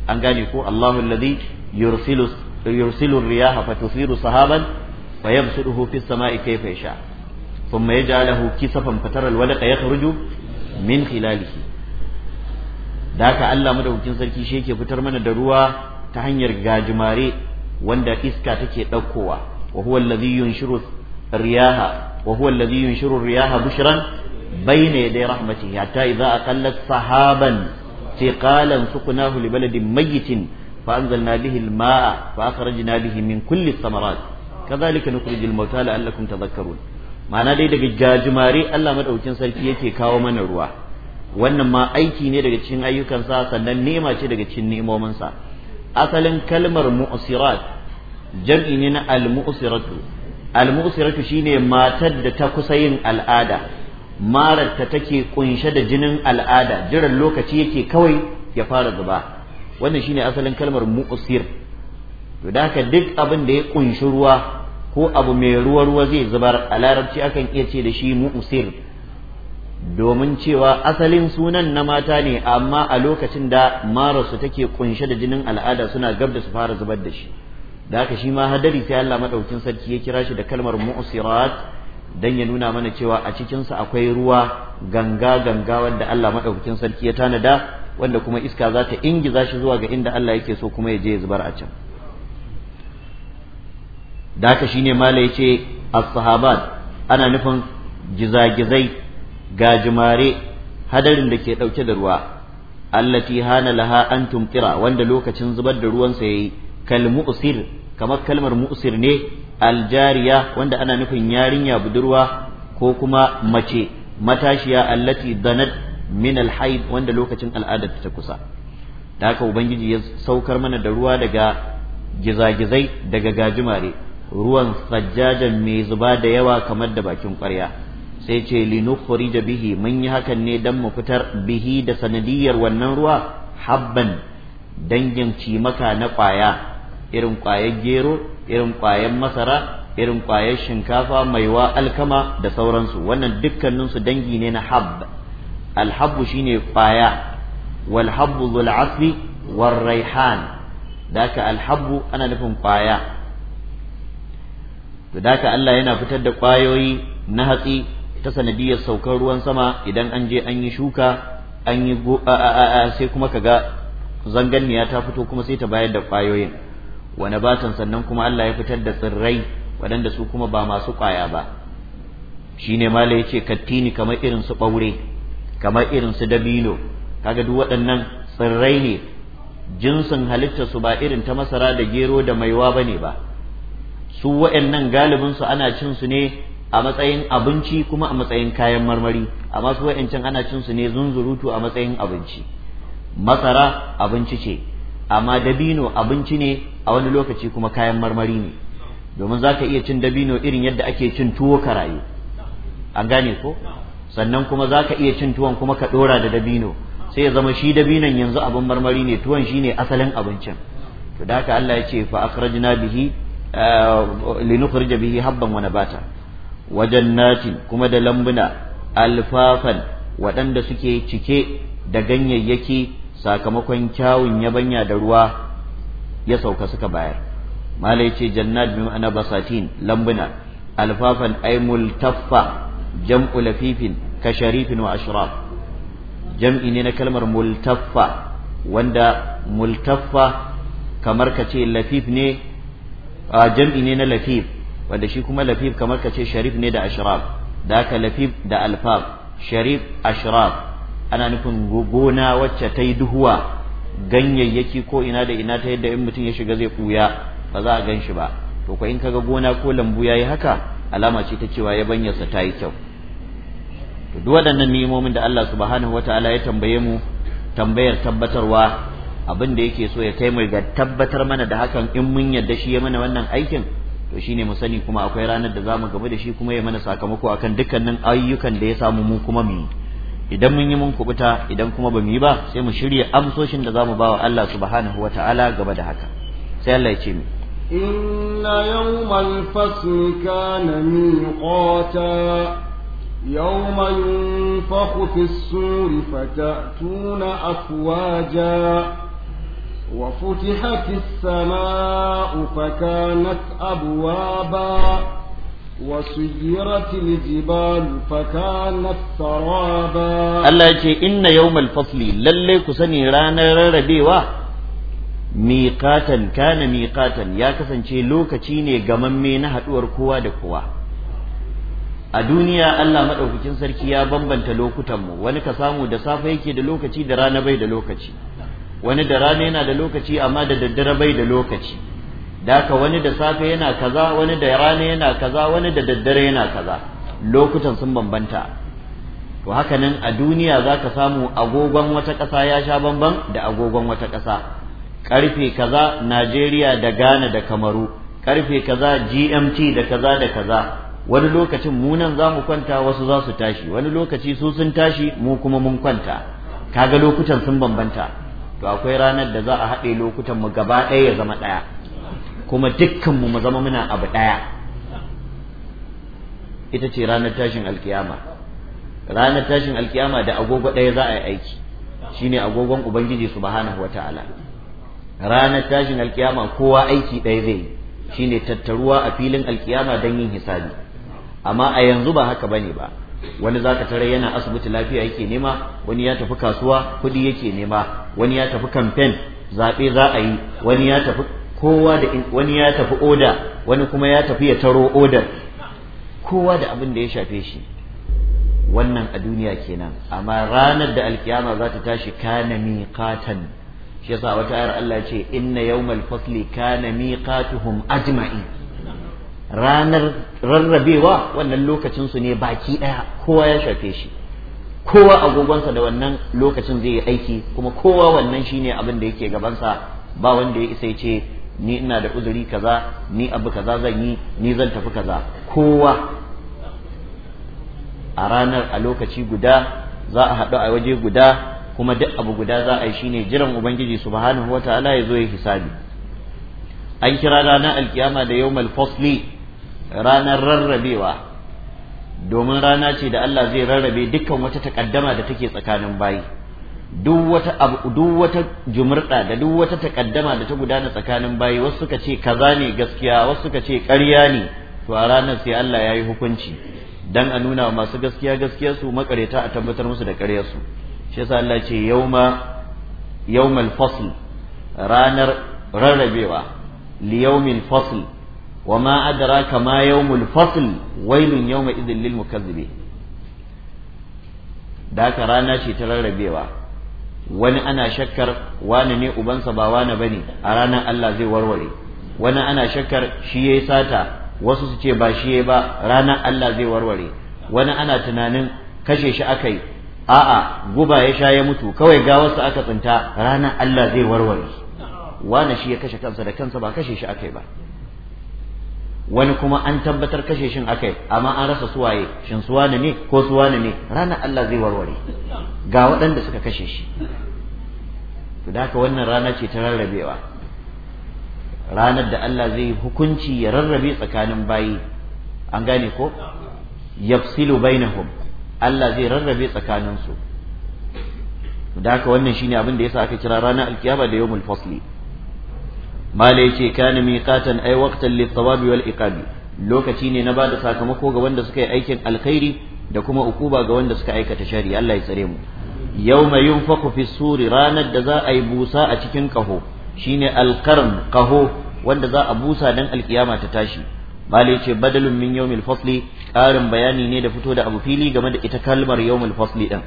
an gane ko Allahu alladhi yursilu yursilu riyaha fatusiru sahaban fa yabsuduhu fis sama'i kayfa yasha thumma yaj'aluhu kisafan fataral wadaqa yakhruju min khilalihi da haka Allah madaukakin sarki shi yake fitar mana da ruwa ta hanyar gajimare wanda iska take ɗaukowa wa huwa alladhi yunshiru riyaha wa huwa alladhi yunshiru riyaha bushran بين يدي رحمته حتى إذا أقلت صحابا ثقالا سقناه لبلد ميت فأنزلنا به الماء فأخرجنا به من كل الثمرات كذلك نخرج الموتى لعلكم تذكرون ma'ana dai daga jajimare Allah madaukin sarki yake kawo mana ruwa wannan ma aiki ne daga cikin ayyukansa sannan nema ce daga cikin nemominsa asalin kalmar mu'sirat jam'i almusiratu na al-mu'siratu shine matar da ta kusa yin al'ada marar ta take kunshe da jinin al'ada jiran lokaci yake kawai ya fara zuba wannan shine asalin kalmar Mu'usir, to da haka duk abin da ya kunshi ruwa ko abu mai ruwa ruwa zai zubar a larabci akan iya ce da shi Mu'usir. domin cewa asalin sunan na mata ne amma a lokacin da mararsu take kunshe da jinin al'ada suna gab da su fara zubar da shi da haka shi ma hadari sai Allah madaukin sarki ya kira shi da kalmar mu'sirat Don ya nuna mana cewa a cikinsa akwai ruwa ganga ganga wanda Allah maɗaukakin sarki ya tanada wanda kuma iska za ta ingiza shi zuwa ga inda Allah yake so kuma ya je ya zubar a can da haka shine mala yace as-sahabat ana nufin gizagizai gajimare hadarin da ke ɗauke da ruwa allati hana laha an tumtira wanda lokacin zubar da ruwansa sa yayi kal kamar kalmar mu'sir ne aljariya wanda ana nufin yarinya budurwa ko kuma mace matashiya allati danat min alhaid wanda lokacin al'adar ta kusa da haka ubangiji ya saukar mana da ruwa daga gizagizai daga gajimare ruwan sajjajan mai zuba da yawa kamar da bakin kwarya sai ce linukhrija bihi mun yi hakan ne dan mu fitar bihi da sanadiyar wannan ruwa habban dangin cimaka na ƙwaya. irin ƙwayar gero irin ƙwayar masara irin ƙwayar shinkafa maiwa alkama da sauransu wannan dukkaninsu dangi ne na hab alhabbu shine ƙwaya wal habbu warraihan. Da war alhabbu ana nufin ƙwaya to daka Allah yana fitar da ƙwayoyi na hatsi ta sanadiyar saukar ruwan sama idan an je an yi shuka an yi sai kuma kaga zanganniya ta fito kuma sai ta bayar da ƙwayoyin wa nabatan sannan kuma Allah ya fitar da tsirrai waɗanda su kuma ba masu kwaya ba Shi ne mala ya yace kattini kamar irin su ɓaure kamar irin su dabino kaga duk waɗannan tsirrai ne jinsin halitta su ba irin ta masara da gero da maiwa ba ne ba su waɗannan galibin su ana cin su ne a matsayin abinci kuma a matsayin kayan marmari amma su waɗancan ana cinsu su ne zunzurutu a matsayin abinci masara abinci ce amma dabino abinci ne a wani lokaci kuma kayan marmari ne domin za ka iya cin dabino irin yadda ake cin tuwo ka rayu an gane ko sannan kuma za ka iya cin tuwon kuma ka ɗora da dabino sai ya zama shi dabinon yanzu abin marmari ne tuwon shi ne asalin abincin to da haka Allah ya ce fa akhrajna bihi eh, linukhrij bihi habban wa nabata wa jannatin kuma da lambuna alfafan waɗanda suke cike da ganyayyaki sakamakon kyawun yabanya da ruwa ya sauka suka bayar mala yace jannat bi ma'ana basatin lambuna alfafan ay multaffa jam'u lafifin ka sharifin wa ashraf jam'i ne na kalmar multaffa wanda multaffa kamar ka ce lafif ne a jam'i ne na lafif wanda shi kuma lafif kamar ka ce sharif ne da ashraf da haka lafif da alfaf sharif ashraf ana nufin gona wacce ta yi duhuwa ganyayyaki ko ina da ina ta yadda in mutum ya shiga zai ɓuya ba za a gan shi ba to ko in kaga gona ko lambu ya yi haka alama ce ta cewa ya yabanyarsa ta yi kyau to duk waɗannan ni'imomin da Allah subhanahu wataala ya tambaye mu tambayar tabbatarwa abin da yake so ya kai mu ga tabbatar mana da hakan in mun yarda shi ya mana wannan aikin to shine mu sani kuma akwai ranar da zamu gaba da shi kuma ya mana sakamako akan dukkanin ayyukan da ya samu mu kuma mu yi idan mun yi mun kubuta idan kuma ba mu yi ba sai mu shirya amsoshin da zamu bawa Allah subhanahu ta'ala gaba da haka sai Allah ya ce mu inna yawmal fasl kana miqata يوم ينفخ في السور فتأتون أفواجا وفتحت السماء فكانت أبوابا وسيرت الجبال فكانت سرابا الله يجي إن يوم الفصل للي كسني رانا رربيوا miƙatan kana miƙatan ya kasance lokaci ne mamme na haɗuwar kowa da kowa a duniya Allah maɗaukakin sarki ya bambanta lokutanmu wani ka samu da safe yake da lokaci da rana bai da lokaci wani da rana yana da lokaci amma da daddare bai da lokaci daka wani da safe yana kaza wani da rana yana kaza wani da daddare yana kaza lokutan sun bambanta to haka nan a duniya za ka samu agogon wata ƙasa ya sha bamban da agogon wata ƙasa Karfe kaza najeriya da ghana da kamaru Karfe kaza gmt da kaza da kaza wani lokacin munan za mu kwanta wasu za su tashi wani lokaci su sun tashi mu kuma mun kwanta kaga lokutan sun bambanta to akwai ranar da za a haɗe lokutan mu gaba ɗaya ya zama ɗaya kuma dukkanmu mu zama muna abu ɗaya ita ce ranar tashin alkiyama ranar tashin alkiyama da agogo ɗaya za a yi aiki shine agogon ubangiji subhanahu wata'ala ranar tashin alkiyama kowa aiki ɗaya zai yi shine tattaruwa a filin alkiyama don yin hisabi amma a yanzu ba haka bane ba wani zaka tare yana asibiti lafiya yake nema wani ya tafi kasuwa kuɗi yake nema wani ya tafi kamfen zaɓe za a yi wani ya tafi kowa da wani ya tafi oda wani kuma ya tafi ya taro odar kowa da abin da ya shafe shi wannan a duniya kenan amma ranar da alkiyama za ta tashi kana miqatan shi yasa wata ayar Allah ce inna yawmal fasli kana miqatuhum ajma'i ranar rarrabewa wannan lokacin su ne baki daya kowa ya shafe shi kowa agogonsa da wannan lokacin zai yi aiki kuma kowa wannan shine abin da yake gabansa ba wanda ya isa ya ce ni ina da uzuri kaza ni abu kaza zan yi ni zan tafi kaza kowa a ranar a lokaci guda za a haɗu a waje guda kuma duk abu guda za a yi shine jiran ubangiji subhanahu wataala ya zo ya hisabi an kira ranar alkiyama da yawmal fasli ranar rarrabewa domin rana ce da Allah zai rarrabe dukkan wata takaddama da take tsakanin bayi duk wata abu duk wata jumurta da duk wata takaddama da ta gudana tsakanin bayi wasu suka ce kaza ne gaskiya wasu suka ce ƙarya ne to a ranar sai Allah ya yi hukunci dan a nuna wa masu gaskiya gaskiya su makareta a tabbatar musu da ƙaryar su shi yasa Allah ce yauma yawmal fasl ranar rarrabewa li yawmil fasl wa ma adraka ma yawmul fasl wailun yawma idhil lil mukazzibin da haka rana ce ta rarrabewa wani ana shakkar wani ne ubansa ba wani ba ne a ranar Allah zai warware wani ana shakkar shi ya sata wasu su ce ba shi ya ba ranar Allah zai warware wani ana tunanin kashe shi aka akai a'a guba ya sha ya mutu kawai ga wasu aka tsinta ranar Allah zai warware wani shi ya kashe kansa da kansa ba kashe shi aka yi ba wani kuma an tabbatar kashe shin akai amma an rasa suwaye shin suwane ne ko suwane ne ranar Allah zai warware ga waɗanda suka kashe shi to da wannan rana ce ta rarrabewa ranar da Allah zai hukunci ya rarrabe tsakanin bayi an gane ko yafsilu bainahum Allah zai rarrabe tsakaninsu da haka wannan shine abin da yasa aka kira ranar alkiyama da yawmul fasli mala yace kana miqatan ay waqtan lit-thawabi wal lokaci ne na bada sakamako ga wanda suka yi aikin alkhairi da kuma ukuba ga wanda suka aikata shari Allah ya tsare mu yawma yunfaku fi suri ranar da za a yi busa a cikin kaho shine alqarn kaho wanda za a busa dan alkiyama ta tashi mala yace badalun min yawmil fasli karin bayani ne da fito da abu fili game da ita kalmar yawmil fasli din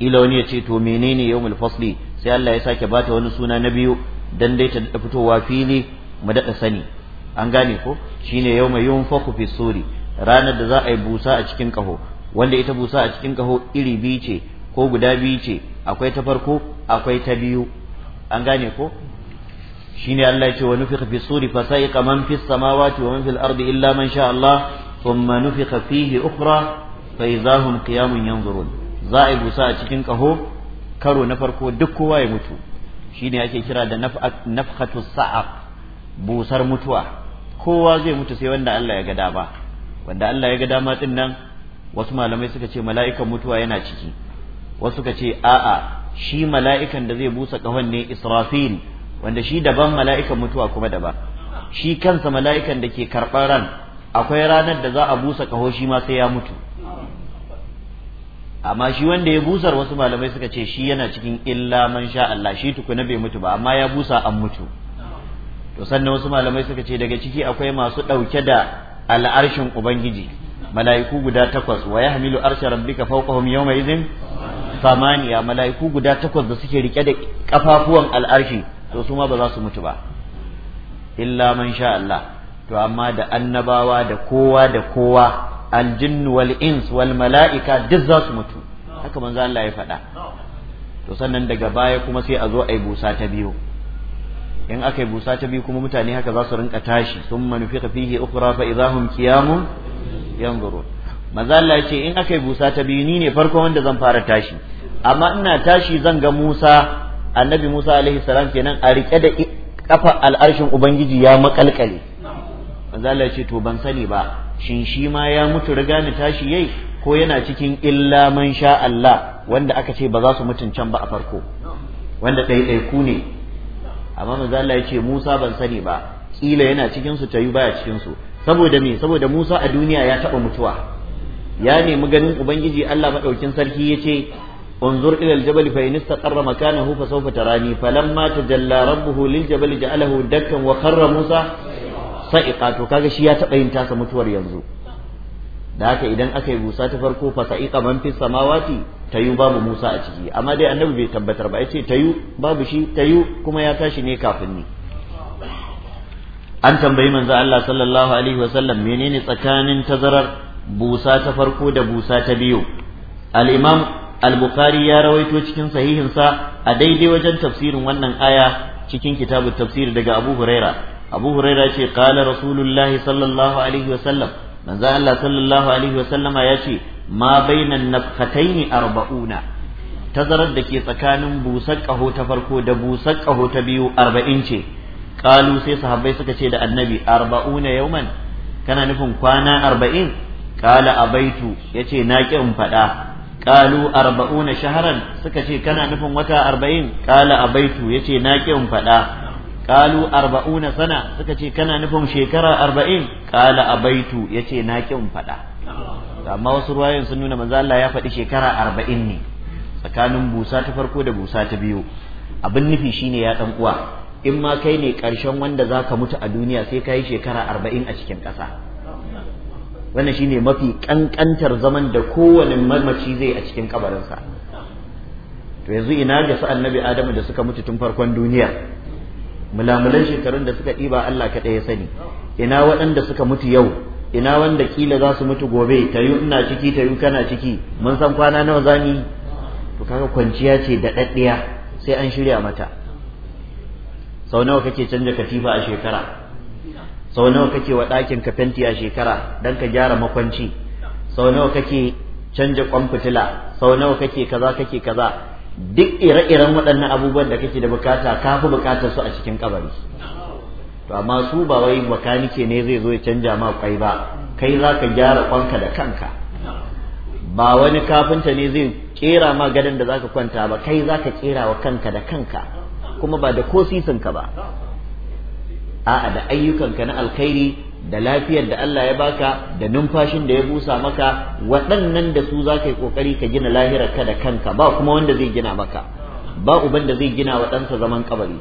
kila wani ya ce to menene yawmul fasli sai Allah ya sake bata wani suna na biyu dan dai ta fitowa fili mu daɗa sani an gane ko shine yau mai yun faku fi suri ranar da za a yi busa a cikin kaho wanda ita busa a cikin kaho iri biyu ce ko guda biyu ce akwai ta farko akwai ta biyu an gane ko shine Allah ya ce wa nufiqa fi suri fa sa'iqa man fi samawati wa man fil ardi illa man sha Allah thumma nufiqa fihi ukhra fa idahum qiyamun yanzurun za a yi busa a cikin kaho karo na farko duk kowa ya mutu shi ne ake kira da nafkatu sa'aq busar mutuwa kowa zai mutu sai wanda Allah ya ga dama wanda Allah ya ga dama din nan wasu malamai suka ce mala'ikan mutuwa yana ciki wasu suka ce a'a shi mala'ikan da zai busa kahon ne Israfil wanda shi daban mala'ikan mutuwa kuma daban shi kansa mala'ikan da ke karɓar ran akwai ranar da za a busa kaho shi ma sai ya mutu amma shi wanda ya busar wasu malamai suka ce shi yana cikin illa man sha Allah shi tukuna bai mutu ba amma ya busa an mutu to sannan wasu malamai suka ce daga ciki akwai masu ɗauke da al'arshin ubangiji mala'iku guda takwas wa yahmilu arsha rabbika fawqahum yawma idhin samaniya mala'iku guda takwas da suke rike da kafafuwan al'arshi to su ma ba za su mutu ba illa man sha Allah to amma da annabawa da kowa da kowa Aljinnuwal wal mala'ika duk zasu mutu haka manzo Allah ya faɗa to sannan daga baya kuma sai a zo a yi busa ta biyu in aka busa ta biyu kuma mutane haka za su rinka tashi sun manufi fihi ukhra fa idahum qiyamun yanzurun manzo Allah ya ce in aka busa ta biyu ni ne farko wanda zan fara tashi amma ina tashi zan ga Musa annabi Musa alaihi salam kenan a rike da kafa al'arshin ubangiji ya makalkale manzo Allah ya ce to ban sani ba shin shi ma ya mutu riga ni tashi yai ko yana cikin illa man sha Allah wanda aka ce ba za su mutun can ba a farko wanda ɗaiɗaiku ne amma manzo Allah ya ce Musa ban sani ba kila yana cikin su tayu baya cikin su saboda me saboda Musa a duniya ya taba mutuwa ya nemi ganin ubangiji Allah madaukin sarki yace انظر إلى الجبل فإن استقر مكانه فسوف تراني فلما تجلى ربه للجبل جعله دكا وخر موسى fasa'iqa to kaga shi ya taɓa yin tasa mutuwar yanzu da haka idan aka yi busa ta farko fasa'iqa man fi samawati tayu babu Musa a ciki amma dai annabi bai tabbatar ba yace tayu babu shi tayu kuma ya tashi ne kafin ni an tambayi manzo Allah sallallahu alaihi wasallam menene tsakanin tazarar busa ta farko da busa ta biyu al-imam al-bukhari ya rawaito cikin sahihinsa a daidai wajen tafsirin wannan aya cikin kitabut tafsir daga Abu Huraira abu huraira ce qala rasulullahi sallallahu alaihi wasallam manzo Allah sallallahu alaihi wasallam ya ce ma bainan nafhataini arba'una tazarar da ke tsakanin busar kaho ta farko da busar kaho ta biyu arba'in ce kalu sai sahabbai suka ce da annabi arba'una yauman kana nufin kwana arba'in kala abaitu yace na ki in faɗa Kalu arba'una shaharan suka ce kana nufin wata arba'in kala abaitu yace na ki in faɗa qalu 40 sana suka ce kana nufin shekara 40 qala abaitu yace na kin fada amma wasu ruwayoyin sun nuna manzo Allah ya faɗi shekara 40 ne tsakanin busa ta farko da busa ta biyu abin nufi shine ya dan uwa in ma kai ne karshen wanda zaka mutu a duniya sai kai shekara 40 a cikin ƙasa wannan shine mafi kankantar zaman da kowane mamaci zai a cikin kabarinsa to yanzu ina ga su annabi adamu da suka mutu tun farkon duniya mulamulan shekarun da suka ɗiba Allah kaɗai ya sani ina waɗanda suka mutu yau ina wanda kila za su mutu gobe tayu ina ciki tayu kana ciki mun san kwana nawa za ni to kaga kwanciya ce da ɗaɗɗiya sai an shirya mata sau nawa kake canja katifa a shekara sau nawa kake wa ɗakin ka fenti a shekara don ka gyara makwanci sau nawa kake canja kwan fitila sau nawa kake kaza kake kaza duk ire-iren waɗannan abubuwan da kake da bukata ka fi bukatar su a cikin kabari to amma su ba wai makanike ne zai zo ya canja ma kwai ba kai za ka gyara kwanka da kanka ba wani kafinta ne zai kera ma gadon da za ka kwanta ba kai za ka kera wa kanka da kanka kuma ba da ko sisinka ba a'a da ayyukanka na alkhairi da lafiyar da Allah ya baka da numfashin da ya busa maka waɗannan da su za ka yi ƙoƙari ka gina ka da kanka ba kuma wanda zai gina maka ba uban da zai gina wa ɗansa zaman kabari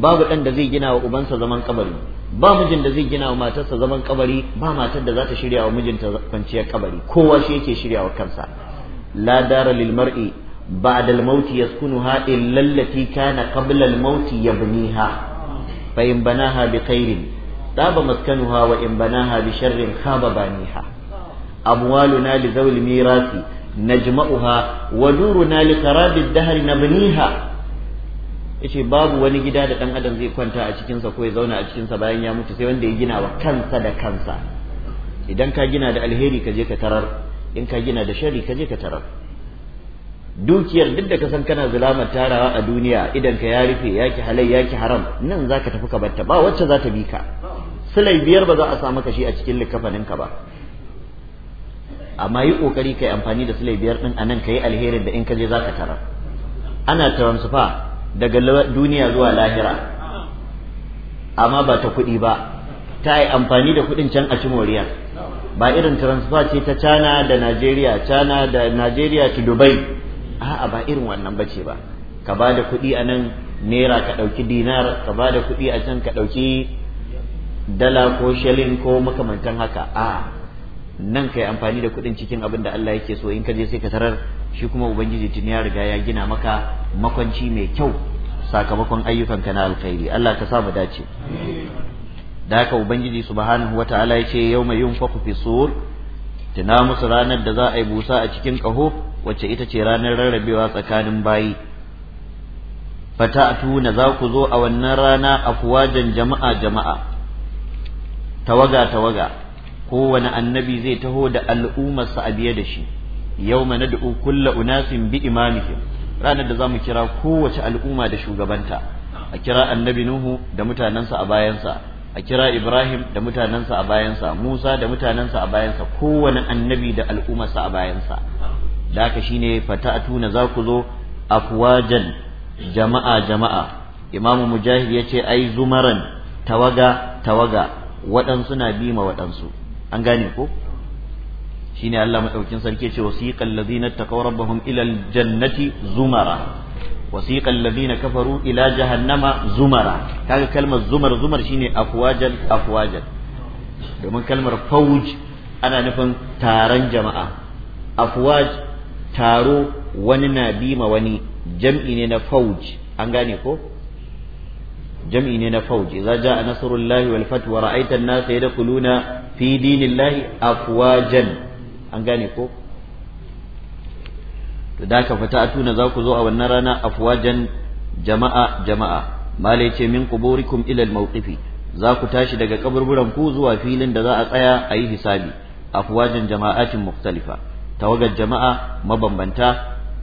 babu ɗan da zai gina wa ubansa zaman kabari ba mijin da zai gina wa matarsa zaman kabari ba matar da za ta shirya wa mijinta kwanciyar kabari kowa shi yake shirya wa kansa la dara lil mar'i ba'da al mauti yaskunuha illa allati kana qabla al mauti yabniha fa in banaha bi khairin طاب مسكنها وإن بناها بشر خاب بانيها Mirasi Najma'uha الميراث نجمعها ودورنا لخراب الدهر نبنيها yace babu wani gida da dan adam zai kwanta a cikinsa ko ya zauna a cikinsa bayan ya mutu sai wanda ya gina wa kansa da kansa idan ka gina da alheri ka je ka tarar in ka gina da shari ka je ka tarar dukiyar duk da ka san kana zulamar tarawa a duniya idan ka ya rufe yaki halai yaki haram nan zaka tafi ka batta ba wacce za ta bi ka silai biyar ba za a samu kashi a cikin likafaninka ba amma yi kokari yi amfani da silai biyar din anan yi alherin da in ka je zaka tara ana transfer daga duniya zuwa lahira amma ba ta kuɗi ba ta yi amfani da kuɗin can a ci moriya ba irin transfer ce ta China da Najeriya China da Najeriya to Dubai a'a ba irin wannan bace ba ka ba da kuɗi a nan naira ka ɗauki dinar ka ba da kuɗi a can ka ɗauki dala ko shelin ko makamantan haka a nan kai amfani da kuɗin cikin abin da Allah yake so in ka je sai ka tarar shi kuma ubangiji tun ya riga ya gina maka makwanci mai kyau sakamakon ayyukan ka na alkhairi Allah ka sa mu dace da haka ubangiji subhanahu wataala yace yawma yunfaku fi sur tuna musu ranar da za a yi busa a cikin kaho wacce ita ce ranar rarrabewa tsakanin bayi na za ku zo a wannan rana afwajan jama'a jama'a tawaga tawaga kowane annabi zai taho da al'ummarsa a biye da shi yau mana da kulla unasin bi imamihim ranar da za mu kira kowace al'umma da shugabanta a kira annabi nuhu da mutanensa a bayansa a kira ibrahim da mutanensa a bayansa musa da mutanensa a bayansa kowane annabi da al'ummarsa a bayansa da haka shine na za ku zo afwajan jama'a jama'a imamu mujahid ya ce ai zumaran tawaga tawaga waɗansu na bi ma waɗansu an gane ko shine Allah maɗaukin sarki ce wasiqal ta taqaw rabbahum ila jannati zumara wasiqal ladina kafaru ila jahannama zumara kaga kalmar zumar zumar shine afuwajal afuwajal domin kalmar fauj ana nufin taron jama'a afwaj taro wani na bima wani jam'i ne na fauj an gane ko jam'i ne na fauj idza jaa nasrullahi wal fath wa ra'aita an-nasa yadkhuluna fi dinillahi afwajan an gane ko da ka fata atuna za ku zo a wannan rana afwajan jama'a jama'a malai ce min quburikum ila al-mawqifi za ku tashi daga kaburburan ku zuwa filin da za a tsaya a yi hisabi afwajan jama'atin mukhtalifa tawagar jama'a mabambanta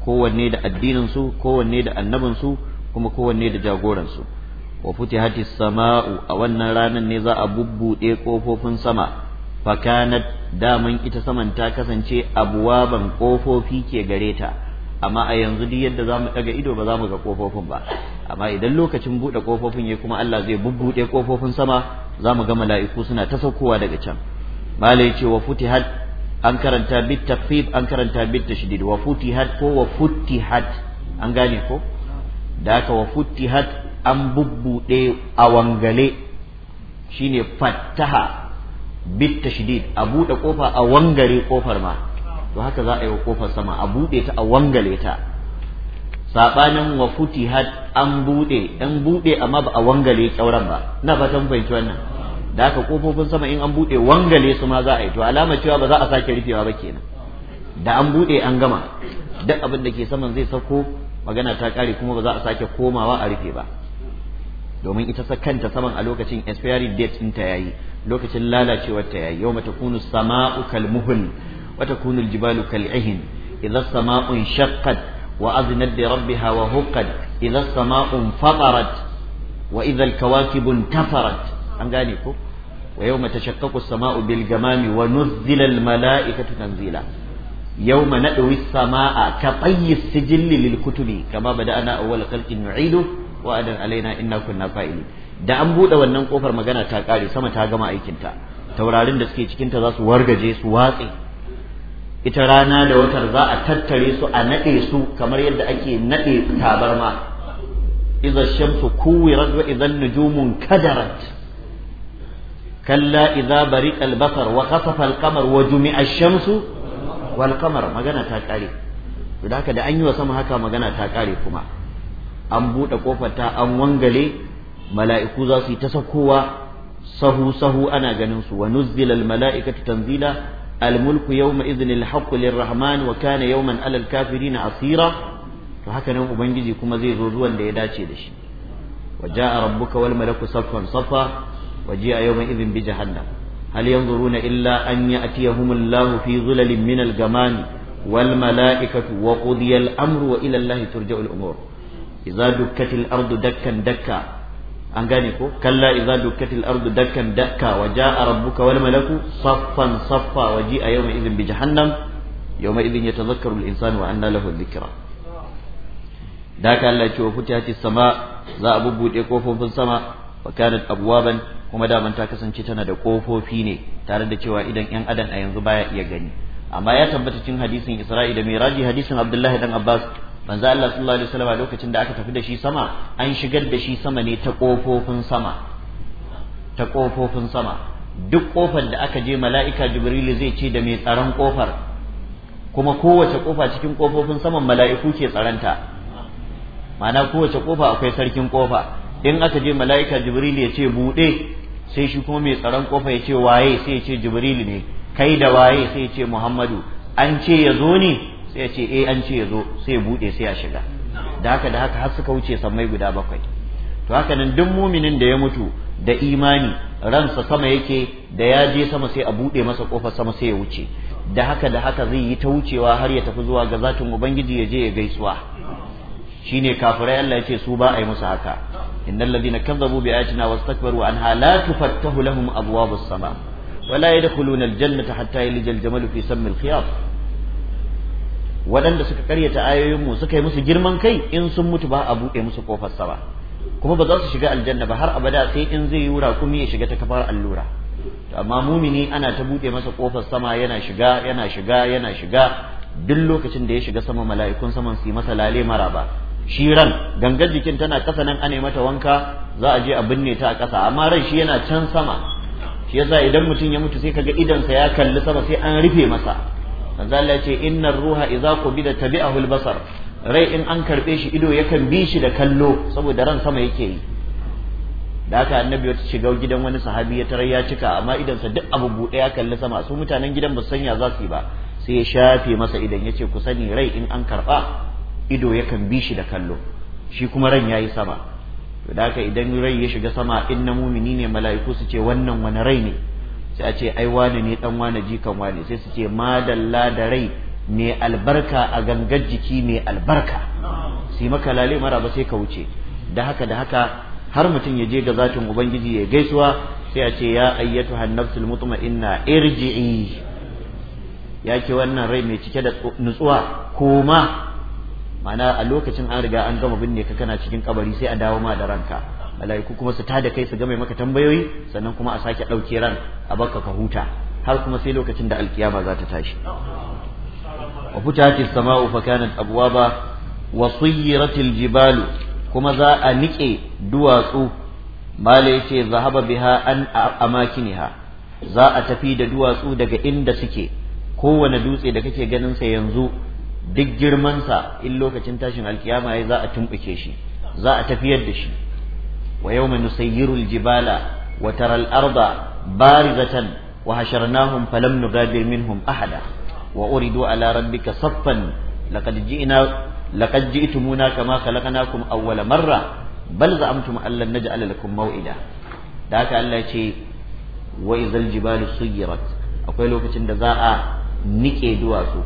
kowanne da addinin kowanne da annabin su kuma kowanne da jagoransu. wa futihatis sama'u a wannan ranar ne za a bubbuɗe ƙofofin sama fakanat daman ita saman ta kasance abuwaban ƙofofi ke gare ta amma a yanzu duk yadda za mu ɗaga ido ba za mu ga ƙofofin ba amma idan lokacin buɗe ƙofofin ya kuma Allah zai bubbuɗe ƙofofin sama za mu ga mala'iku suna ta saukowa daga can malai ce wa futihat an karanta bit takfif an karanta bit tashdid wa futihat ko wa futihat an gane ko da aka wa futihat an bubbuɗe a wangale shine fattaha bit tashdid a buɗe ƙofa a wangare kofar ma to haka za a yi wa kofar sama a buɗe ta a wangale ta saɓanin wa futihat an buɗe an buɗe amma ba a wangale kyauran ba ina fatan fahimci wannan da haka ƙofofin sama in an buɗe wangale su ma za a yi to alama cewa ba za a sake rufewa ba kenan da an buɗe an gama duk abin da ke saman zai sako magana ta ƙare kuma ba za a sake komawa a rufe ba domin ita sa kanta saman a lokacin expiry date din ta yayi lokacin lalacewar ta yayi yawma takunu sama'u kal muhl wa takunu al jibalu kal ihin idza sama'u shaqqat wa aznat li rabbiha wa huqqat idza sama'u fatarat wa idza al kawakib an gane ko wa yawma tashaqqaqu samau bil gamami wa nuzzila al mala'ikatu tanzila yawma nadwi as-sama'a ka tayyi as-sijilli lil kutubi kama bada'ana awwal khalqin nu'idu wa'adan alaina inna kunna fa'ili da an buɗe wannan kofar magana ta ƙare sama ta gama aikinta taurarin da suke cikinta za su wargaje su watse ita rana da watar za a tattare su a naɗe su kamar yadda ake naɗe tabarma idza shamsu kuwirat wa idza nujumun kadarat kalla idza bariqa al-basar wa khasafa al-qamar wa jumi'a ash-shamsu wal qamar magana ta ƙare da haka da an yi wa sama haka magana ta ƙare kuma an buɗe kofar ta an wangale mala'iku za su yi ta sakowa sahu sahu ana ganin su wa nuzzila al mala'ikatu tanzila al mulku yawma idhin al haqqu lirrahman wa kana yawman alal kafirina asira to haka nan ubangiji kuma zai zo zuwan da ya dace da shi wa jaa rabbuka wal malaku saffan saffa wa jaa yawma idhin bi jahannam hal yanzuruna illa an ya'tiyahumullahu fi dhulalin min al gamani wal mala'ikatu wa qudiya al amru wa ila allahi turja'u al umur idza dukkatil ardu dakkan dakka an gane ko kalla idza dukkatil ardu dakkan dakka wa jaa rabbuka wal malaku saffan saffa wa jaa yawma idhin bi jahannam yawma idhin yatadhakkaru al insanu wa anna lahu dhikra da ka Allah ce wa sama za a bubbude kofofin sama wa kanat abwaban kuma daman ta kasance tana da kofofi ne tare da cewa idan yan adam a yanzu baya iya gani amma ya tabbata cikin hadisin Isra'i da Miraji hadisin Abdullahi dan Abbas manzo Allah sallallahu alaihi wasallam lokacin da aka tafi da shi sama an shigar da shi sama ne ta kofofin sama ta kofofin sama duk kofar da aka je mala'ika jibril zai ce da mai tsaron kofar kuma kowace kofa cikin kofofin saman mala'iku ke tsaranta ma'ana kowace kofa akwai sarkin kofa in aka je mala'ika jibril ya ce bude sai shi kuma mai tsaron kofa ya ce waye sai ya ce jibril ne kai da waye sai ya ce muhammadu an ce ya zo ne sai ce eh an ce ya zo sai ya buɗe sai ya shiga da haka da haka har suka wuce sammai guda bakwai to haka nan duk muminin da ya mutu da imani ransa sama yake da ya je sama sai a buɗe masa kofar sama sai ya wuce da haka da haka zai yi ta wucewa har ya tafi zuwa ga zatin ubangiji ya je ya gaisuwa shine kafirai Allah ya ce su ba a yi musu haka innal ladina kazzabu bi ayatina wastakbaru anha la tufattahu lahum abwabus sama wala yadkhuluna aljannata hatta yalija Jamalu fi sammil alkhiyat waɗanda suka karyata ayoyinmu suka yi musu girman kai in sun mutu ba a buɗe musu kofar ba kuma ba za su shiga aljanna ba har abada sai in zai yi rakumi ya shiga ta kafar allura amma mumini ana ta buɗe masa kofar sama yana shiga yana shiga yana shiga duk lokacin da ya shiga sama mala'ikun saman su yi masa lale ba shi ran gangar jikin tana ƙasa nan ana mata wanka za a je a binne ta a ƙasa amma ran shi yana can sama shi yasa idan mutum ya mutu sai kaga idansa ya kalli sama sai an rufe masa manzo Allah ce innar ruha idza qubida tabi'ahu al-basar rai in an karbe shi ido yakan bi shi da kallo saboda ran sama yake yi da haka annabi ya shiga gidan wani sahabi ya tarar ya cika amma idan sa duk abu buɗe ya kalli sama su mutanen gidan ba su sanya za su yi ba sai ya shafe masa idan ya ce ku sani rai in an karɓa ido yakan bi shi da kallo shi kuma ran yayi sama to da haka idan rai ya shiga sama in na mumini ne mala'iku su ce wannan wani rai ne sai a ce ai wane ne dan wane jikan wane sai su ce madalla da rai mai albarka a gangar jiki mai albarka sai maka lale mara ba sai ka wuce da haka da haka har mutum ya je ga zatin ubangiji ya gaisuwa sai a ce ya ayyatu hannabtul mutma'inna irji'i ya ke wannan rai mai cike da nutsuwa koma mana a lokacin an riga an gama binne ka kana cikin kabari sai a dawo ma da ranka mala'iku kuma su tada kai su ga mai maka tambayoyi sannan kuma a sake ɗauke ran a baka ka huta har kuma sai lokacin da alkiyama za ta tashi wa futatis sama'u fa kanat abwaba wa suyiratil jibalu kuma za a nike duwatsu mala yace zahaba biha an amakiniha za a tafi da duwatsu daga inda suke kowane dutse da kake ganin sa yanzu duk girmansa in lokacin tashin alkiyama ya za a tumbuke shi za a tafiyar da shi ويوم نسير الجبال وترى الأرض بارزة وحشرناهم فلم نغادر منهم أحدا وأردوا على ربك صفا لقد جئنا لقد جئتمونا كما خلقناكم أول مرة بل زعمتم أن لن نجعل لكم موئدا ذاك الله يقول وإذا الجبال سيرت أقول لك إن ذا نكي دواسو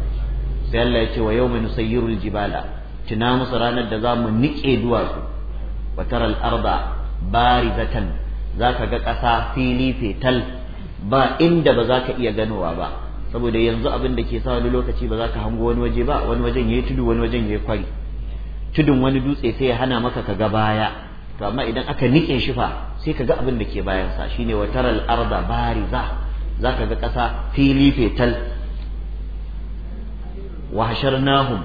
sai Allah ya ce wa yau mai nusayyirul jibala tuna musu ranar da za mu niƙe duwatsu wa taral arda barizatan zaka ga ƙasa fili fetal ba inda ba za ka iya ganowa ba saboda yanzu abin da ke sa wani lokaci ba za ka hango wani waje ba wani wajen yayi tudu wani wajen yayi kwari tudun wani dutse sai ya hana maka ka ga baya to amma idan aka niƙe shi fa sai ka ga abin da ke bayan sa shine wataral arda bariza zaka ga ƙasa fili fetal wa hasharnahum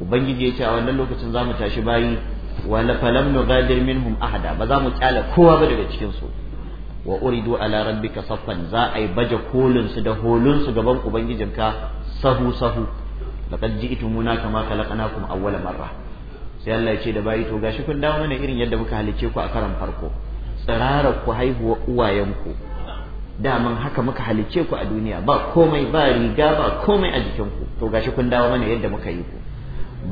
ubangiji ya ce a wannan lokacin mu tashi bayi wala falam nugadir minhum ahada ba za mu kyala kowa ba daga cikin su wa uridu ala rabbika saffan za a yi baje kolin su da holun su gaban ubangijinka sahu sahu laqad ji'tumuna kama khalaqnakum awwala marra sai Allah ya ce da bai to gashi kun dawo mana irin yadda muka halice ku a karan farko tsirara ku haihuwa uwayenku daman haka muka halice ku a duniya ba komai ba riga ba komai a jikinku to gashi kun dawo mana yadda muka yi ku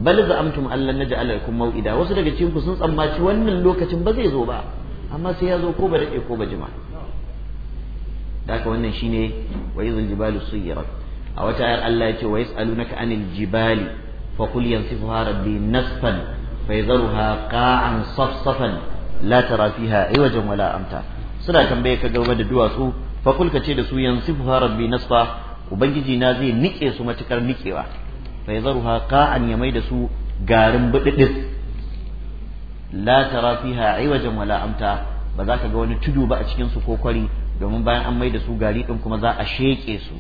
bal za'amtum allan naj'al lakum maw'ida wasu daga cikin ku sun tsammaci wannan lokacin ba zai zo ba amma sai ya zo ko ba dade ko ba jima daka wannan shine wa idhil jibalu suyirat a wata ayar Allah ya ce wa yas'alunaka anil jibali fa qul yansifuha rabbi nasfan fa yadharuha qa'an safsafan la tara fiha aywajan wala amta suna tambaye ka gaba da duwatsu fa qul ka ce da su yansifuha rabbi nasfa ubangiji na zai nike su matukar nikewa fa yadharuha qa'an ya maida su garin bididis la tara fiha iwajan wala amta ba za ka ga wani tudu ba a cikin su ko kwari domin bayan an maida su gari din kuma za a sheke su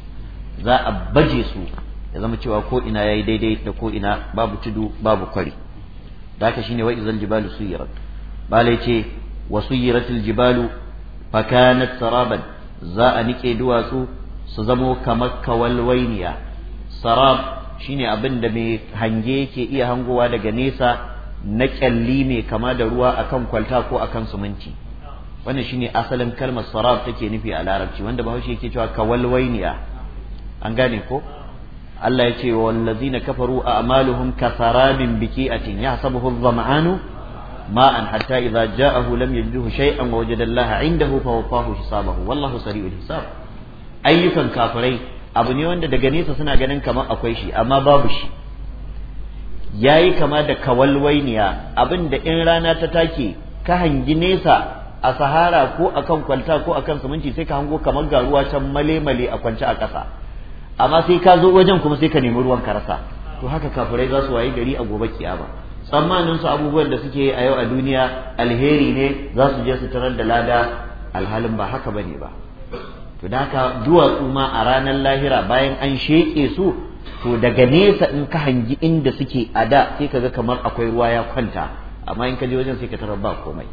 za a baje su ya zama cewa ko ina yayi daidai da ko ina babu tudu babu kwari da haka shine wa izal jibalu suyirat bala yace wa suyiratil jibalu fa kanat saraban za a niƙe duwatsu su zamo kamar kawalwainiya sarab shine abin da mai hange ke iya hangowa daga nesa na kyalli mai kama da ruwa akan kwalta ko akan suminti wannan shine asalin kalmar sarab take nufi a larabci wanda bahaushe yake cewa kawalwainiya an gane ko Allah ya ce wa wallazina kafaru a'maluhum kasarabin biki'atin yahsabuhu adh-dhama'anu ma'an hatta idza ja'ahu lam yajidhu shay'an wa wajada Allah 'indahu fa wafahu hisabahu wallahu sari'ul hisab ayyukan kafirai abu ne wanda daga nesa suna ganin kamar akwai shi amma babu shi ya yi kama da kawalwainiya abin da in rana ta take ka hangi nesa a sahara ko a kan kwalta ko a kan siminti sai ka hango kamar garuwa ruwa can male-male a kwance a ƙasa amma sai ka zo wajen kuma sai ka nemi ruwan ka to haka kafirai za su waye gari a gobe kiyama tsammanin su abubuwan da suke a yau a duniya alheri ne za su je su tarar da lada alhalin ba haka bane ba to da ka duwatsu ma a ranar lahira bayan an sheƙe su to daga nesa in ka hangi inda suke a da sai ga kamar akwai ruwa ya kwanta amma in ka je wajen sai ka tarar ba komai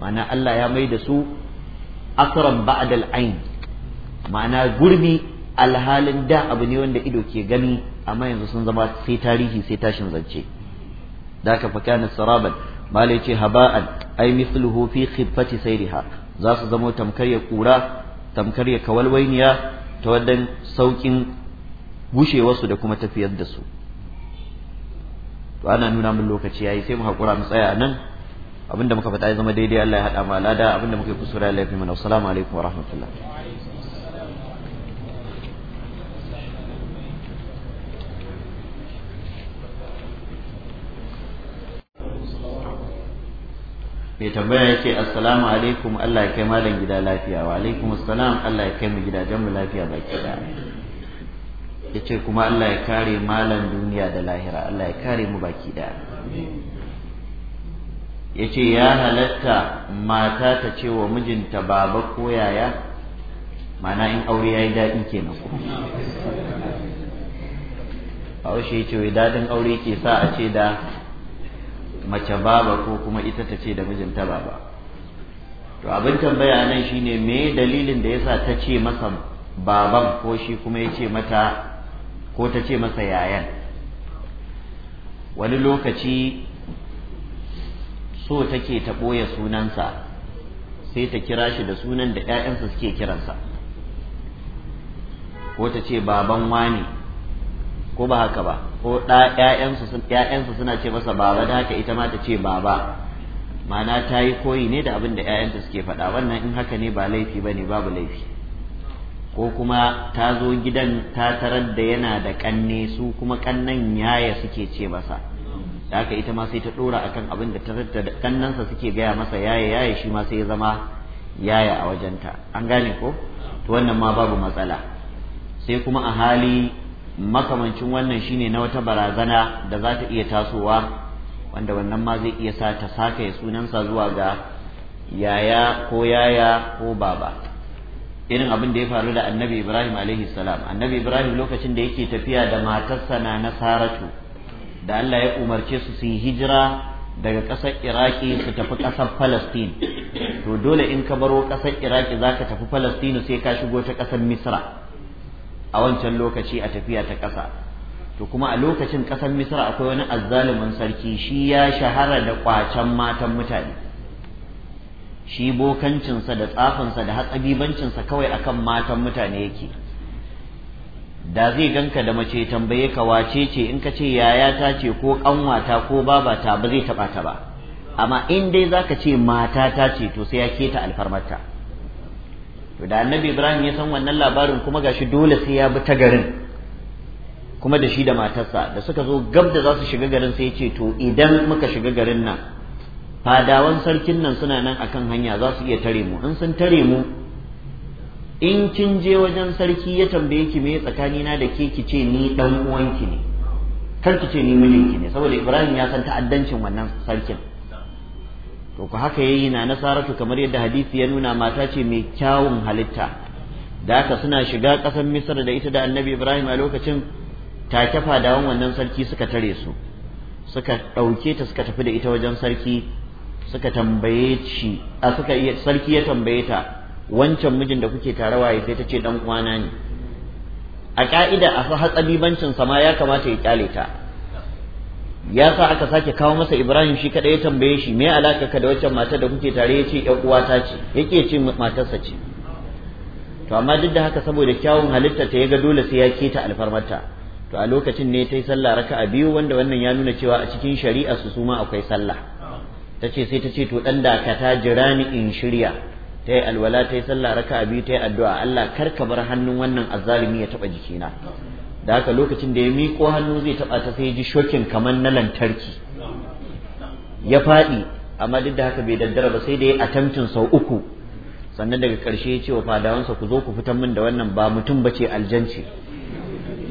ma'ana Allah ya mai da su asran ba'dal ain ma'ana gurbi alhalin da abu ne wanda ido ke gani amma yanzu sun zama sai tarihi sai tashin zance da ka fa kana saraban malai ce haba'an ai mithluhu fi khiffati sayriha za su zama tamkar ya kura tamkar ya kawalwainiya ta wadan saukin wasu da kuma tafiyar da su to ana nuna min lokaci yayi sai mu hakura mu tsaya nan abinda muka faɗa ya zama daidai Allah ya haɗa mu alada abinda muka yi kusura ya laifin mana assalamu alaikum wa rahmatullahi mai tambaya yace assalamu alaikum Allah ya kai malam gida lafiya wa alaikum assalam Allah ya kai mu gidajen mu lafiya baki da Ya ce kuma Allah ya kare malam duniya da lahira Allah ya kare mu baki da Ya ce ya halatta mata ta ce wa mijinta baba ko yaya mana in aure ya yi daɗi kenan ku. a ce yace wai daɗin aure ke sa a ce da mace baba ko kuma ita ta ce da mijinta baba to abin tambaya nan shine me dalilin da yasa ta ce masa baban ko shi kuma ya ce mata ko ta ce masa yayan wani lokaci so take ta ɓoye sunansa sai ta kira shi da sunan da 'ya'yansa suke kiransa ko ta ce baban wani ko ba haka ba ko ƴaƴansu suna ce masa baba da haka ita ma ta ce baba ma'ana ta yi koyi ne da abin da ‘ya'yanta suke faɗa wannan in haka ne ba laifi ba ne babu laifi ko kuma ta zo gidan ta tarar da yana da ƙanne su kuma ƙannan yaya suke ce masa da haka ita ma sai ta ɗora akan abin da tarar suke gaya masa yaya yaya shi ma sai ya zama yaya a wajenta an gane ko to wannan ma babu matsala sai kuma a hali makamancin wannan shine na wata barazana da za ta iya tasowa wanda wannan ma zai iya sa ta ya sunansa zuwa ga yaya ko yaya ko baba irin abin da ya faru da annabi ibrahim alaihi salam annabi ibrahim lokacin da yake tafiya da matarsa na nasaratu da allah ya umarce su su yi hijira daga ƙasar iraki su tafi ƙasar falastin to dole in ka baro ƙasar iraki za ka tafi falastinu sai ka shigo ta ƙasar misra a wancan lokaci a tafiya ta ƙasa to kuma a lokacin ƙasar misra akwai wani azzalumin sarki shi ya shahara da ƙwacen matan mutane shi bokancinsa da tsafinsa da hatsabibancinsa kawai akan matan mutane yake da zai ganka da mace tambaye ka wace ce in ka ce yaya ta ce ko ƙanwata ko babata ba zai taɓa ta ba amma in dai za ka ce mata ta ce to sai ya keta alfarmarta to da annabi ibrahim ya san wannan labarin kuma gashi dole sai ya bi ta garin kuma da shi da matarsa da suka zo gab da za su shiga garin sai ya ce to idan muka shiga garin nan fadawan sarkin nan suna nan akan hanya za su iya tare mu in sun tare mu in kin je wajen sarki ya tambaye ki me na da ke ki ce ni dan uwanki ne kar ki ce ni mijinki ne saboda ibrahim ya san ta'addancin wannan sarkin to ku haka yayi na nasaratu kamar yadda hadisi ya nuna mata ce mai kyawun halitta da aka suna shiga ƙasar misra da ita da annabi ibrahim a lokacin take fadawan wannan sarki suka tare su suka ɗauke ta suka tafi da ita wajen sarki suka tambaye shi a suka iya sarki ya tambaye ta wancan mijin da kuke tare waye sai ta ce dan uwana ne a ka'ida a fa hatsabibancin sama ya kamata ya kyale ta ya sa aka sake kawo masa Ibrahim shi kaɗai ya tambaye shi me alaka ka da waccan matar da kuke tare yace ƴan uwata ce yake ce matarsa ce to amma duk da haka saboda kyawun halitta ta ga dole sai ya keta alfarmarta to a lokacin ne ta yi sallah raka'a biyu wanda wannan ya nuna cewa a cikin shari'a su suma akwai sallah ta ce sai ta ce to dan dakata jira ni in shirya ta yi alwala ta yi sallah raka'a biyu ta yi addu'a Allah kar ka bar hannun wannan azzalimi ya taba jikina da haka lokacin da ya miko hannu zai taɓa ta sai ji shokin kamar na lantarki ya faɗi amma duk da haka bai daddara ba sai da ya tamkin sau uku sannan daga ƙarshe ya ce wa fadawansa ku zo ku fitan min da wannan ba mutum ba ce aljanci.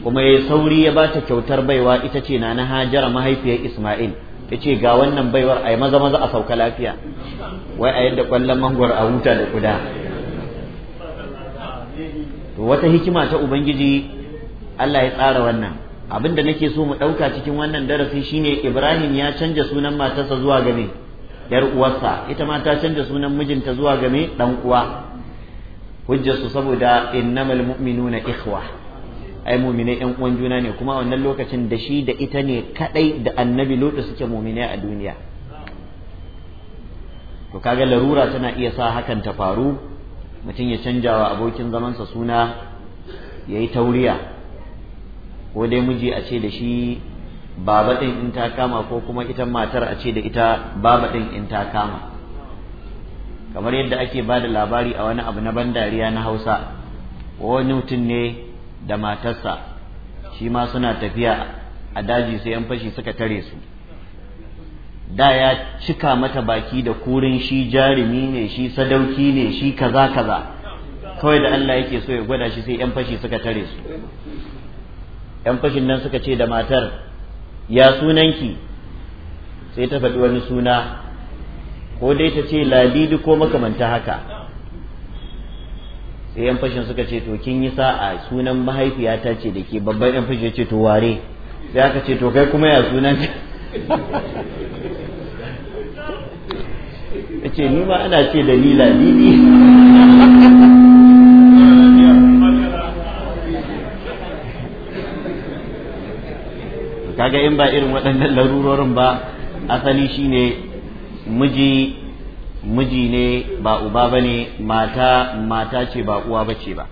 kuma ya sauri ya ba ta kyautar baiwa ita ce na na hajara mahaifiyar isma'il ya ce ga wannan baiwar a yi maza maza a sauka lafiya wai a yadda kwallon mangwar a huta da kuda to wata hikima ta ubangiji Allah ya tsara wannan abinda nake so mu ɗauka cikin wannan darasi shine Ibrahim ya canja sunan matarsa zuwa ga me yar uwarsa ita ma ta canja sunan mijinta zuwa game ɗan uwa hujjarsu saboda innamal mu'minuna ikhwa ai mu'minai yan uwan juna ne kuma wannan lokacin da shi da ita ne kadai da annabi lotu suke mu'minai a duniya to kaga larura tana iya sa hakan ta faru mutum ya canja wa abokin zamansa suna yayi tauriya ko dai miji a ce da shi baba ɗin in ta kama ko kuma ita matar a ce da ita baba ɗin in ta kama kamar yadda ake ba da labari a wani abu na ban dariya na hausa wani mutum ne da matarsa shi ma suna tafiya a daji sai yan fashi suka tare su da ya cika mata baki da kurin shi jarumi ne shi sadauki ne shi kaza kaza kawai da Allah yake so ya gwada shi sai yan fashi suka tare su 'yan fashin nan suka ce da matar ya sunanki sai ta faɗi wani suna ko dai ta ce ladidi ko makamanta haka sai 'yan fashin suka ce to kin yi sa'a sunan mahaifiyata ce da ke babban 'yan fashin ce to ware sai aka ce to kai kuma ya sunan <laughs> ya ce ni ma ana ce da ni ladidi <laughs> kaga in ba irin waɗannan larurorin ba asali shine miji miji ne ba uba ba ne mata mata ce ba uwa ba ce ba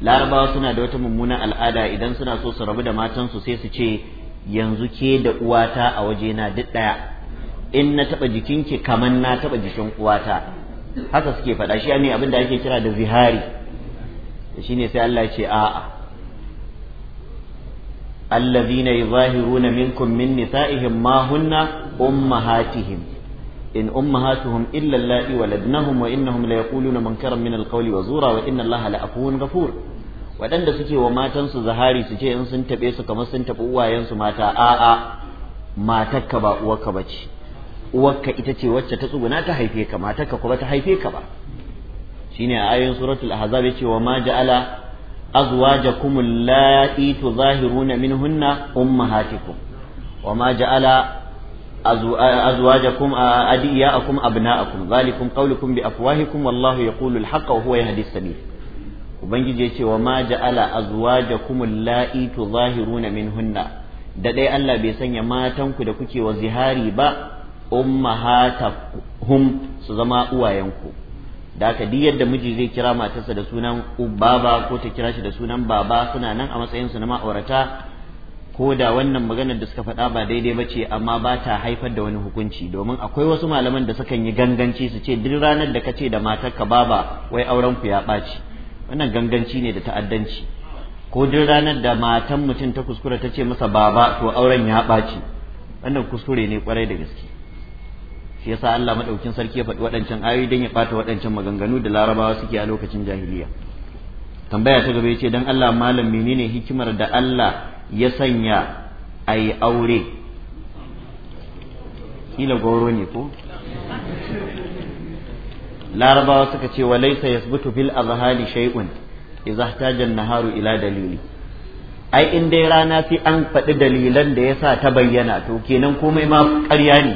larabawa suna da wata mummunan al'ada idan suna so su rabu da matansu sai su ce yanzu ke da uwata a waje na duk ɗaya in na taɓa jikinki kamar na taɓa jikin uwata haka suke faɗa shi ne abin da ake kira da zihari shine sai Allah ya ce a'a الذين يظاهرون منكم من نسائهم ما هن أمهاتهم إن أمهاتهم إلا اللائي ولدنهم وإنهم ليقولون منكرا من القول وزورا وإن الله لعفو غفور waɗanda suke wa matansu zahari su ce in sun taɓe su kamar sun taɓi uwayensu mata a'a matarka ba uwarka ba ce uwarka ita ce wacce ta tsuguna ta haife ka matarka kuma ta haife ka ba a ayoyin suratul ahzab yace wa ma أزواجكم اللائي تظاهرون منهن أمهاتكم وما جعل أزواجكم أدياءكم أبناءكم ذلكم قولكم بأفواهكم والله يقول الحق وهو يهدي السبيل ubangiji ya ce wa ma ja'ala azwajakum zahiruna min hunna, da dai Allah bai sanya matanku da kuke wa zihari ba ummahatuhum su zama uwayenku da haka duk yadda miji zai kira matarsa da sunan ubaba ko ta kira shi da sunan baba suna nan a matsayin su na ma'aurata ko da wannan maganar da suka faɗa ba daidai ba ce amma ba ta haifar da wani hukunci domin akwai wasu malaman da sukan yi ganganci su ce duk ranar da ka ce da matarka baba wai auren ku ya ɓaci wannan ganganci ne da ta'addanci ko duk ranar da matan mutum ta kuskura ta ce masa baba to auren ya ɓaci wannan kuskure ne kwarai da gaske shi yasa Allah madaukin sarki ya faɗi waɗancan ayoyi dan ya bata waɗancan maganganu da larabawa suke a lokacin jahiliya tambaya ta gaba yace dan Allah malam menene hikimar da Allah ya sanya ayi aure kila goro ne ko larabawa suka ce wa laysa yasbutu fil azhali shay'un idza ihtaja an-naharu ila dalili ai in dai rana sai an faɗi dalilan da yasa ta bayyana to kenan komai ma ƙarya ne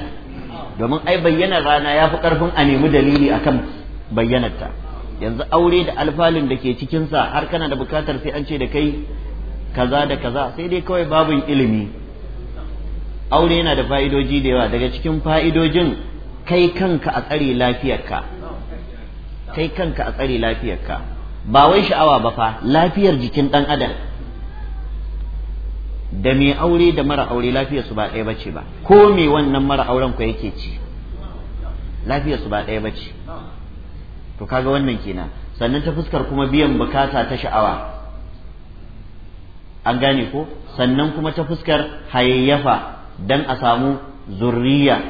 domin ai bayyanar rana ya fi ƙarfin a nemi dalili akan bayyanarta yanzu aure da alfalin da ke cikinsa har kana da bukatar sai an ce da kai kaza da kaza sai dai kawai babin ilimi aure yana da fa'idoji da yawa daga cikin fa'idojin kai kanka a tsare lafiyarka kai kanka a tsare lafiyarka ba wai sha'awa ba fa lafiyar jikin ɗan adam da mai aure da mara aure lafiyar su ba ɗaya bace ba ko me wannan mara auren ku yake ci lafiyar su ba ɗaya bace to kaga wannan kenan sannan ta fuskar kuma biyan bukata ta sha'awa an gane ko sannan kuma ta fuskar hayayyafa dan a samu zurriya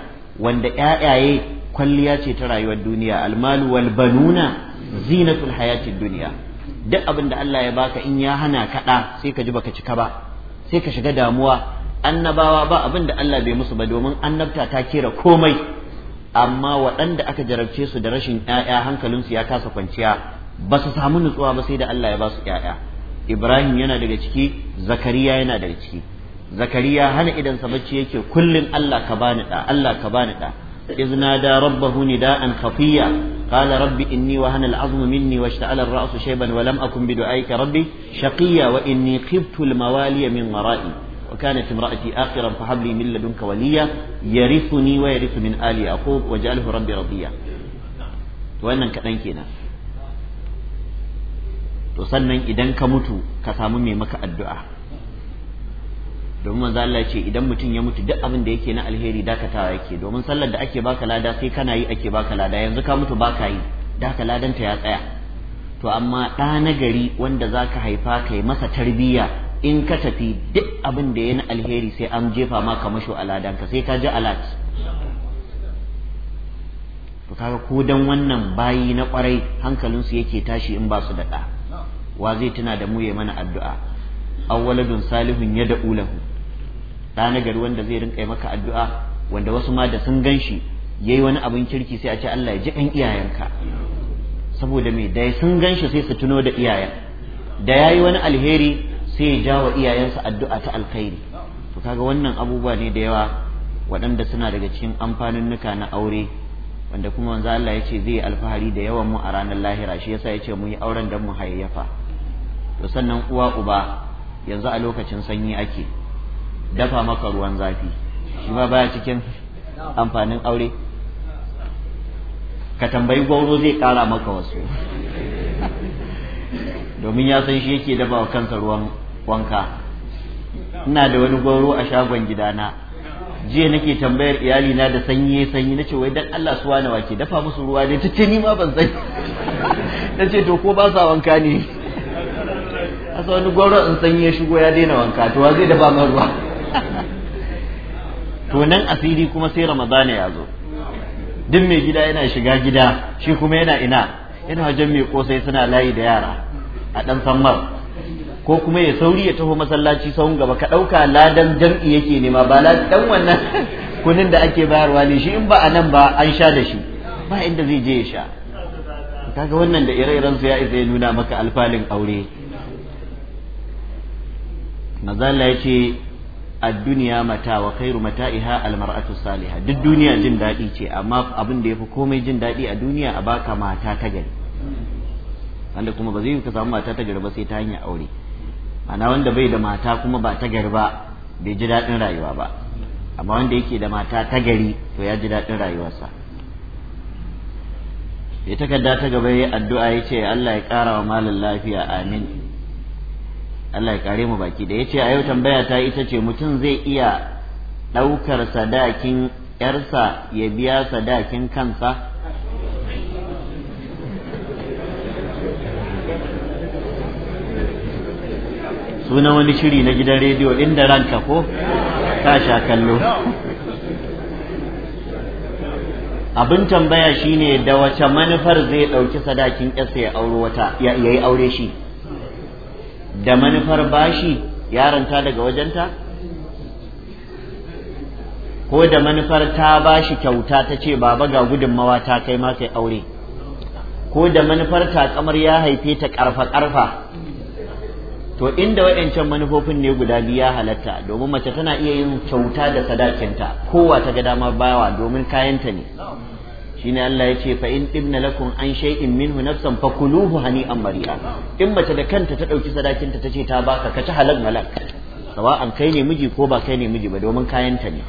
wanda ƴaƴaye kwalliya ce ta rayuwar duniya almalu wal banuna zinatul hayatin duniya duk abin da Allah ya baka in ya hana kaɗa sai ka ji baka cika ba sai ka shiga damuwa annabawa ba abin da Allah bai musu ba domin annabta ta kera komai amma waɗanda aka jarabce su da rashin ƴaƴa hankalinsu ya kasa kwanciya ba su samu nutsuwa ba sai da Allah ya ba su ƴaƴa Ibrahim yana daga ciki Zakariya yana daga ciki Zakariya hana idan sa bacci yake kullun Allah ka bani da Allah ka bani da iznada rabbahu nida'an khafiya قال ربي إني وهن العظم مني واشتعل الرأس شيبا ولم أكن بدعائك ربي شقيا وإني خبت الموالي من ورائي وكانت امرأتي آخرا فهب لي من لدنك وليا يرثني ويرث من آل يعقوب وجعله ربي رضيا وأنا كأنك كنا to sannan idan ka mutu ka samu mai maka addu'a domin manzo Allah ce idan mutum ya mutu duk abin da yake na alheri dakatawa yake domin sallar da ake baka lada sai kana yi ake baka lada yanzu ka mutu baka yi da ladanta ya tsaya to amma ɗa na gari wanda zaka haifa kai masa tarbiyya in ka tafi duk abin da yana alheri sai an jefa ma ka masho ka sai ka ji alat to kaga ko dan wannan bayi na kwarai hankalinsu yake tashi in ba su da ɗa wa zai tuna da mu ya mana addu'a awwaladun salihun yad'u lahu ɗa gari wanda zai rinka maka addu'a wanda wasu ma da sun ganshi ya yayi wani abin kirki sai a ce Allah ya ji kan iyayenka saboda me da sun ganshi sai su tuno da iyayen da yayi wani alheri sai ya jawo iyayensa addu'a ta alkhairi to kaga wannan abubuwa ne da yawa waɗanda suna daga cikin amfaninnuka na aure wanda kuma wanzu Allah ya ce zai alfahari da yawan mu a ranar lahira shi yasa ya ce mu yi auren dan mu hayayyafa to sannan uwa uba yanzu a lokacin sanyi ake dafa maka ruwan zafi shi ma baya cikin amfanin aure ka tambayi gwauro zai kara maka wasu domin ya san shi yake dafa wa kansa ruwan wanka ina da wani gwauro a shagon gidana jiya nake tambayar iyali na da sanyi sanyi ce wai dan Allah su wani wake dafa musu ruwa ne tace ni ma ban san <laughs> nace to ko ba sa wanka ne asa wani gwauro in sanyi ya shigo ya daina wanka to wa zai dafa ruwa <laughs> to nan asiri kuma sai ramadana ya zo duk mai gida yana shiga gida shi kuma yana ina yana wajen mai kosai suna layi da yara a ɗan sammar ko kuma ya sauri ya taho masallaci sahun gaba ka ɗauka ladan jam'i yake nema ba dan wannan <laughs> kunin da ake bayarwa ne shi in ba a nan ba an sha da shi ba inda zai je ya sha kaga wannan da ire-iren su ya isa ya nuna maka alfalin aure mazalla ya ce ad mata wa mata mata'iha almar'atu maratu salihah duk duniya jin daɗi ce amma abin da yafi komai jin daɗi a duniya a baka mata ta gari wanda kuma ba zai ka samu mata ta gari ba sai ta hanyar aure ana wanda bai da mata kuma ba ta gari ba bai ji daɗin rayuwa ba amma wanda yake da mata ta gari to ya ji daɗin rayuwarsa ya takarda ta gaba yi addu'a ya ce Allah ya ƙara wa malin lafiya amin Allah ya kare mu baki da yace a yau tambaya ta ita ce mutum zai iya ɗaukar sadakin yarsa ya biya sadakin kansa suna wani shiri na gidan rediyo inda ranka ko ta sha kallo abin tambaya shine da wace manufar zai ɗauki sadakin yarsa ya aure wata ya yi aure shi da manufar bashi yaranta daga wajenta ko da manufar ta bashi kyauta ta ce baba ga gudunmawa ta kai ma kai aure ko da manufar ta kamar ya haife ta karfa karfa to inda waɗancan manufofin ne guda biyu ya halatta domin mace tana iya yin kyauta da sadakinta kowa ta ga dama bawa domin kayanta ne shine Allah yace fa in ibna lakum an shay'in minhu nafsan fakuluhu hani'an mari'a in mace da kanta ta dauki sadakin ta tace ta baka ka halal malak sawa'an kai ne miji ko ba kai ne miji ba domin kayanta ne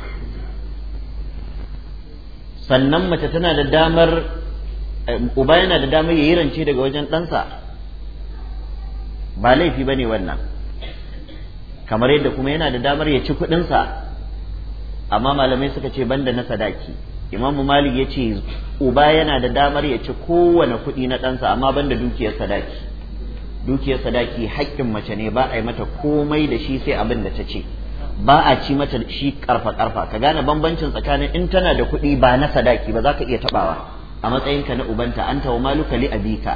sannan mace tana da damar eh, uba yana da damar yayi rance daga wajen ɗansa ba laifi bane wannan kamar yadda kuma yana da damar ya ci kuɗinsa amma malamai suka ce banda na sadaki imamu malik ya ce uba yana da damar ya ci kowane kuɗi na ɗansa amma banda dukiyar sadaki dukiyar sadaki haƙƙin mace ne ba a yi mata komai da shi sai abin da ta ce ba a ci mata shi karfa karfa ka gane bambancin tsakanin in tana da kuɗi ba na sadaki ba za ka iya taɓawa a matsayinka na ubanta an tawa maluka li abika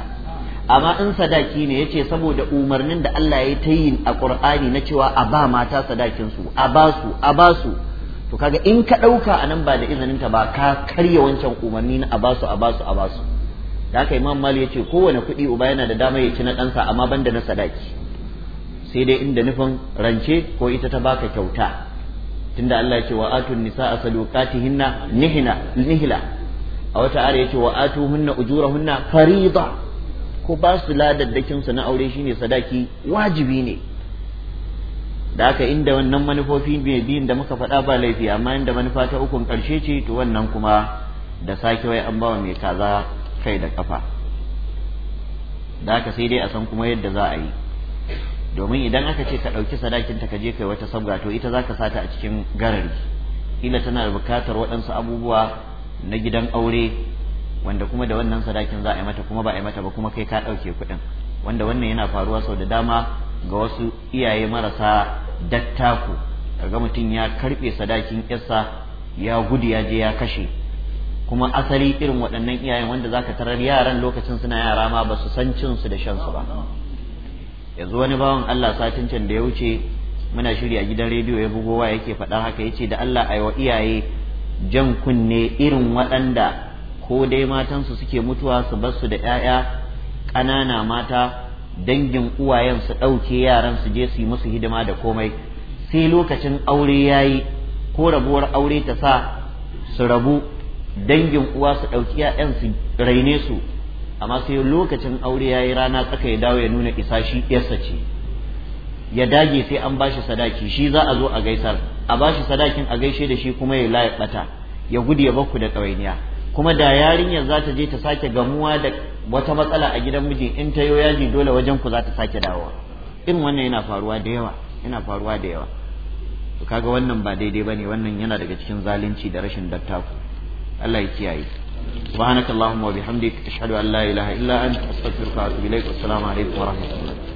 amma in sadaki ne yace saboda umarnin da Allah ya yi ta yi a ƙur'ani na cewa a ba mata sadakin su a ba su a ba su to kaga in ka ɗauka a nan ba da izinin ta ba ka karya wancan umarni na a basu a basu a basu da haka imam mali ya ce kowane kuɗi uba yana da dama ya ci na ɗansa amma banda na sadaki sai dai inda nufin rance ko ita ta baka kyauta tunda Allah ya ce wa atun nisa asaluqatihinna nihina nihila a wata ara yace wa atuhunna ujurahunna fariida ko ba su ladaddakin su na aure shine sadaki wajibi ne da aka inda wannan manufofi mai biyun da muka faɗa ba laifi amma inda manufa ta ukun ƙarshe ce to wannan kuma da sake wai an bawa mai kaza kai da kafa da aka sai dai a san kuma yadda za a yi domin idan aka ce ka ɗauki sadakin ta je kai wata sabga to ita za ka sata a cikin garari kila tana da bukatar waɗansu abubuwa na gidan aure wanda kuma da wannan sadakin za a yi mata kuma ba a yi mata ba kuma kai ka ɗauke kuɗin wanda wannan yana faruwa sau da dama ga wasu iyaye marasa dattako kaga mutum ya karɓe sadakin ƙyarsa ya gudu ya je ya kashe kuma asali irin waɗannan iyayen wanda zaka tarar yaran lokacin suna yara ma ba su san cin su da shan su ba yanzu wani bawan Allah satin can da ya wuce muna shiri a gidan rediyo ya bugo bugowa yake faɗa haka yace da Allah aiwa iyaye jan kunne irin waɗanda ko dai matansu suke mutuwa su bar su da 'ya'ya ƙanana mata dangin uwayen su ɗauke yaran su je su yi musu hidima da komai sai lokacin aure ya yi ko rabuwar aure ta sa su rabu dangin uwa su ɗauki 'ya'yan su raine su amma sai lokacin aure ya yi rana tsaka ya dawo ya nuna isa shi 'yarsa ce ya dage sai an bashi sadaki shi za a zo a gaisar a bashi sadakin a gaishe da shi kuma ya laye ya gudu ya bakku da tsawainiya. kuma da yarinyar za ta je ta sake gamuwa da wata matsala a gidan mijin in ta yo yaji dole wajen ku za ta sake dawowa irin wannan yana faruwa da yawa yana faruwa da yawa to kaga wannan ba daidai bane wannan yana daga cikin zalunci da rashin dattaku Allah ya kiyaye subhanakallahumma wa bihamdik ashhadu an la ilaha illa anta astaghfiruka wa atubu ilaik assalamu alaikum wa rahmatullahi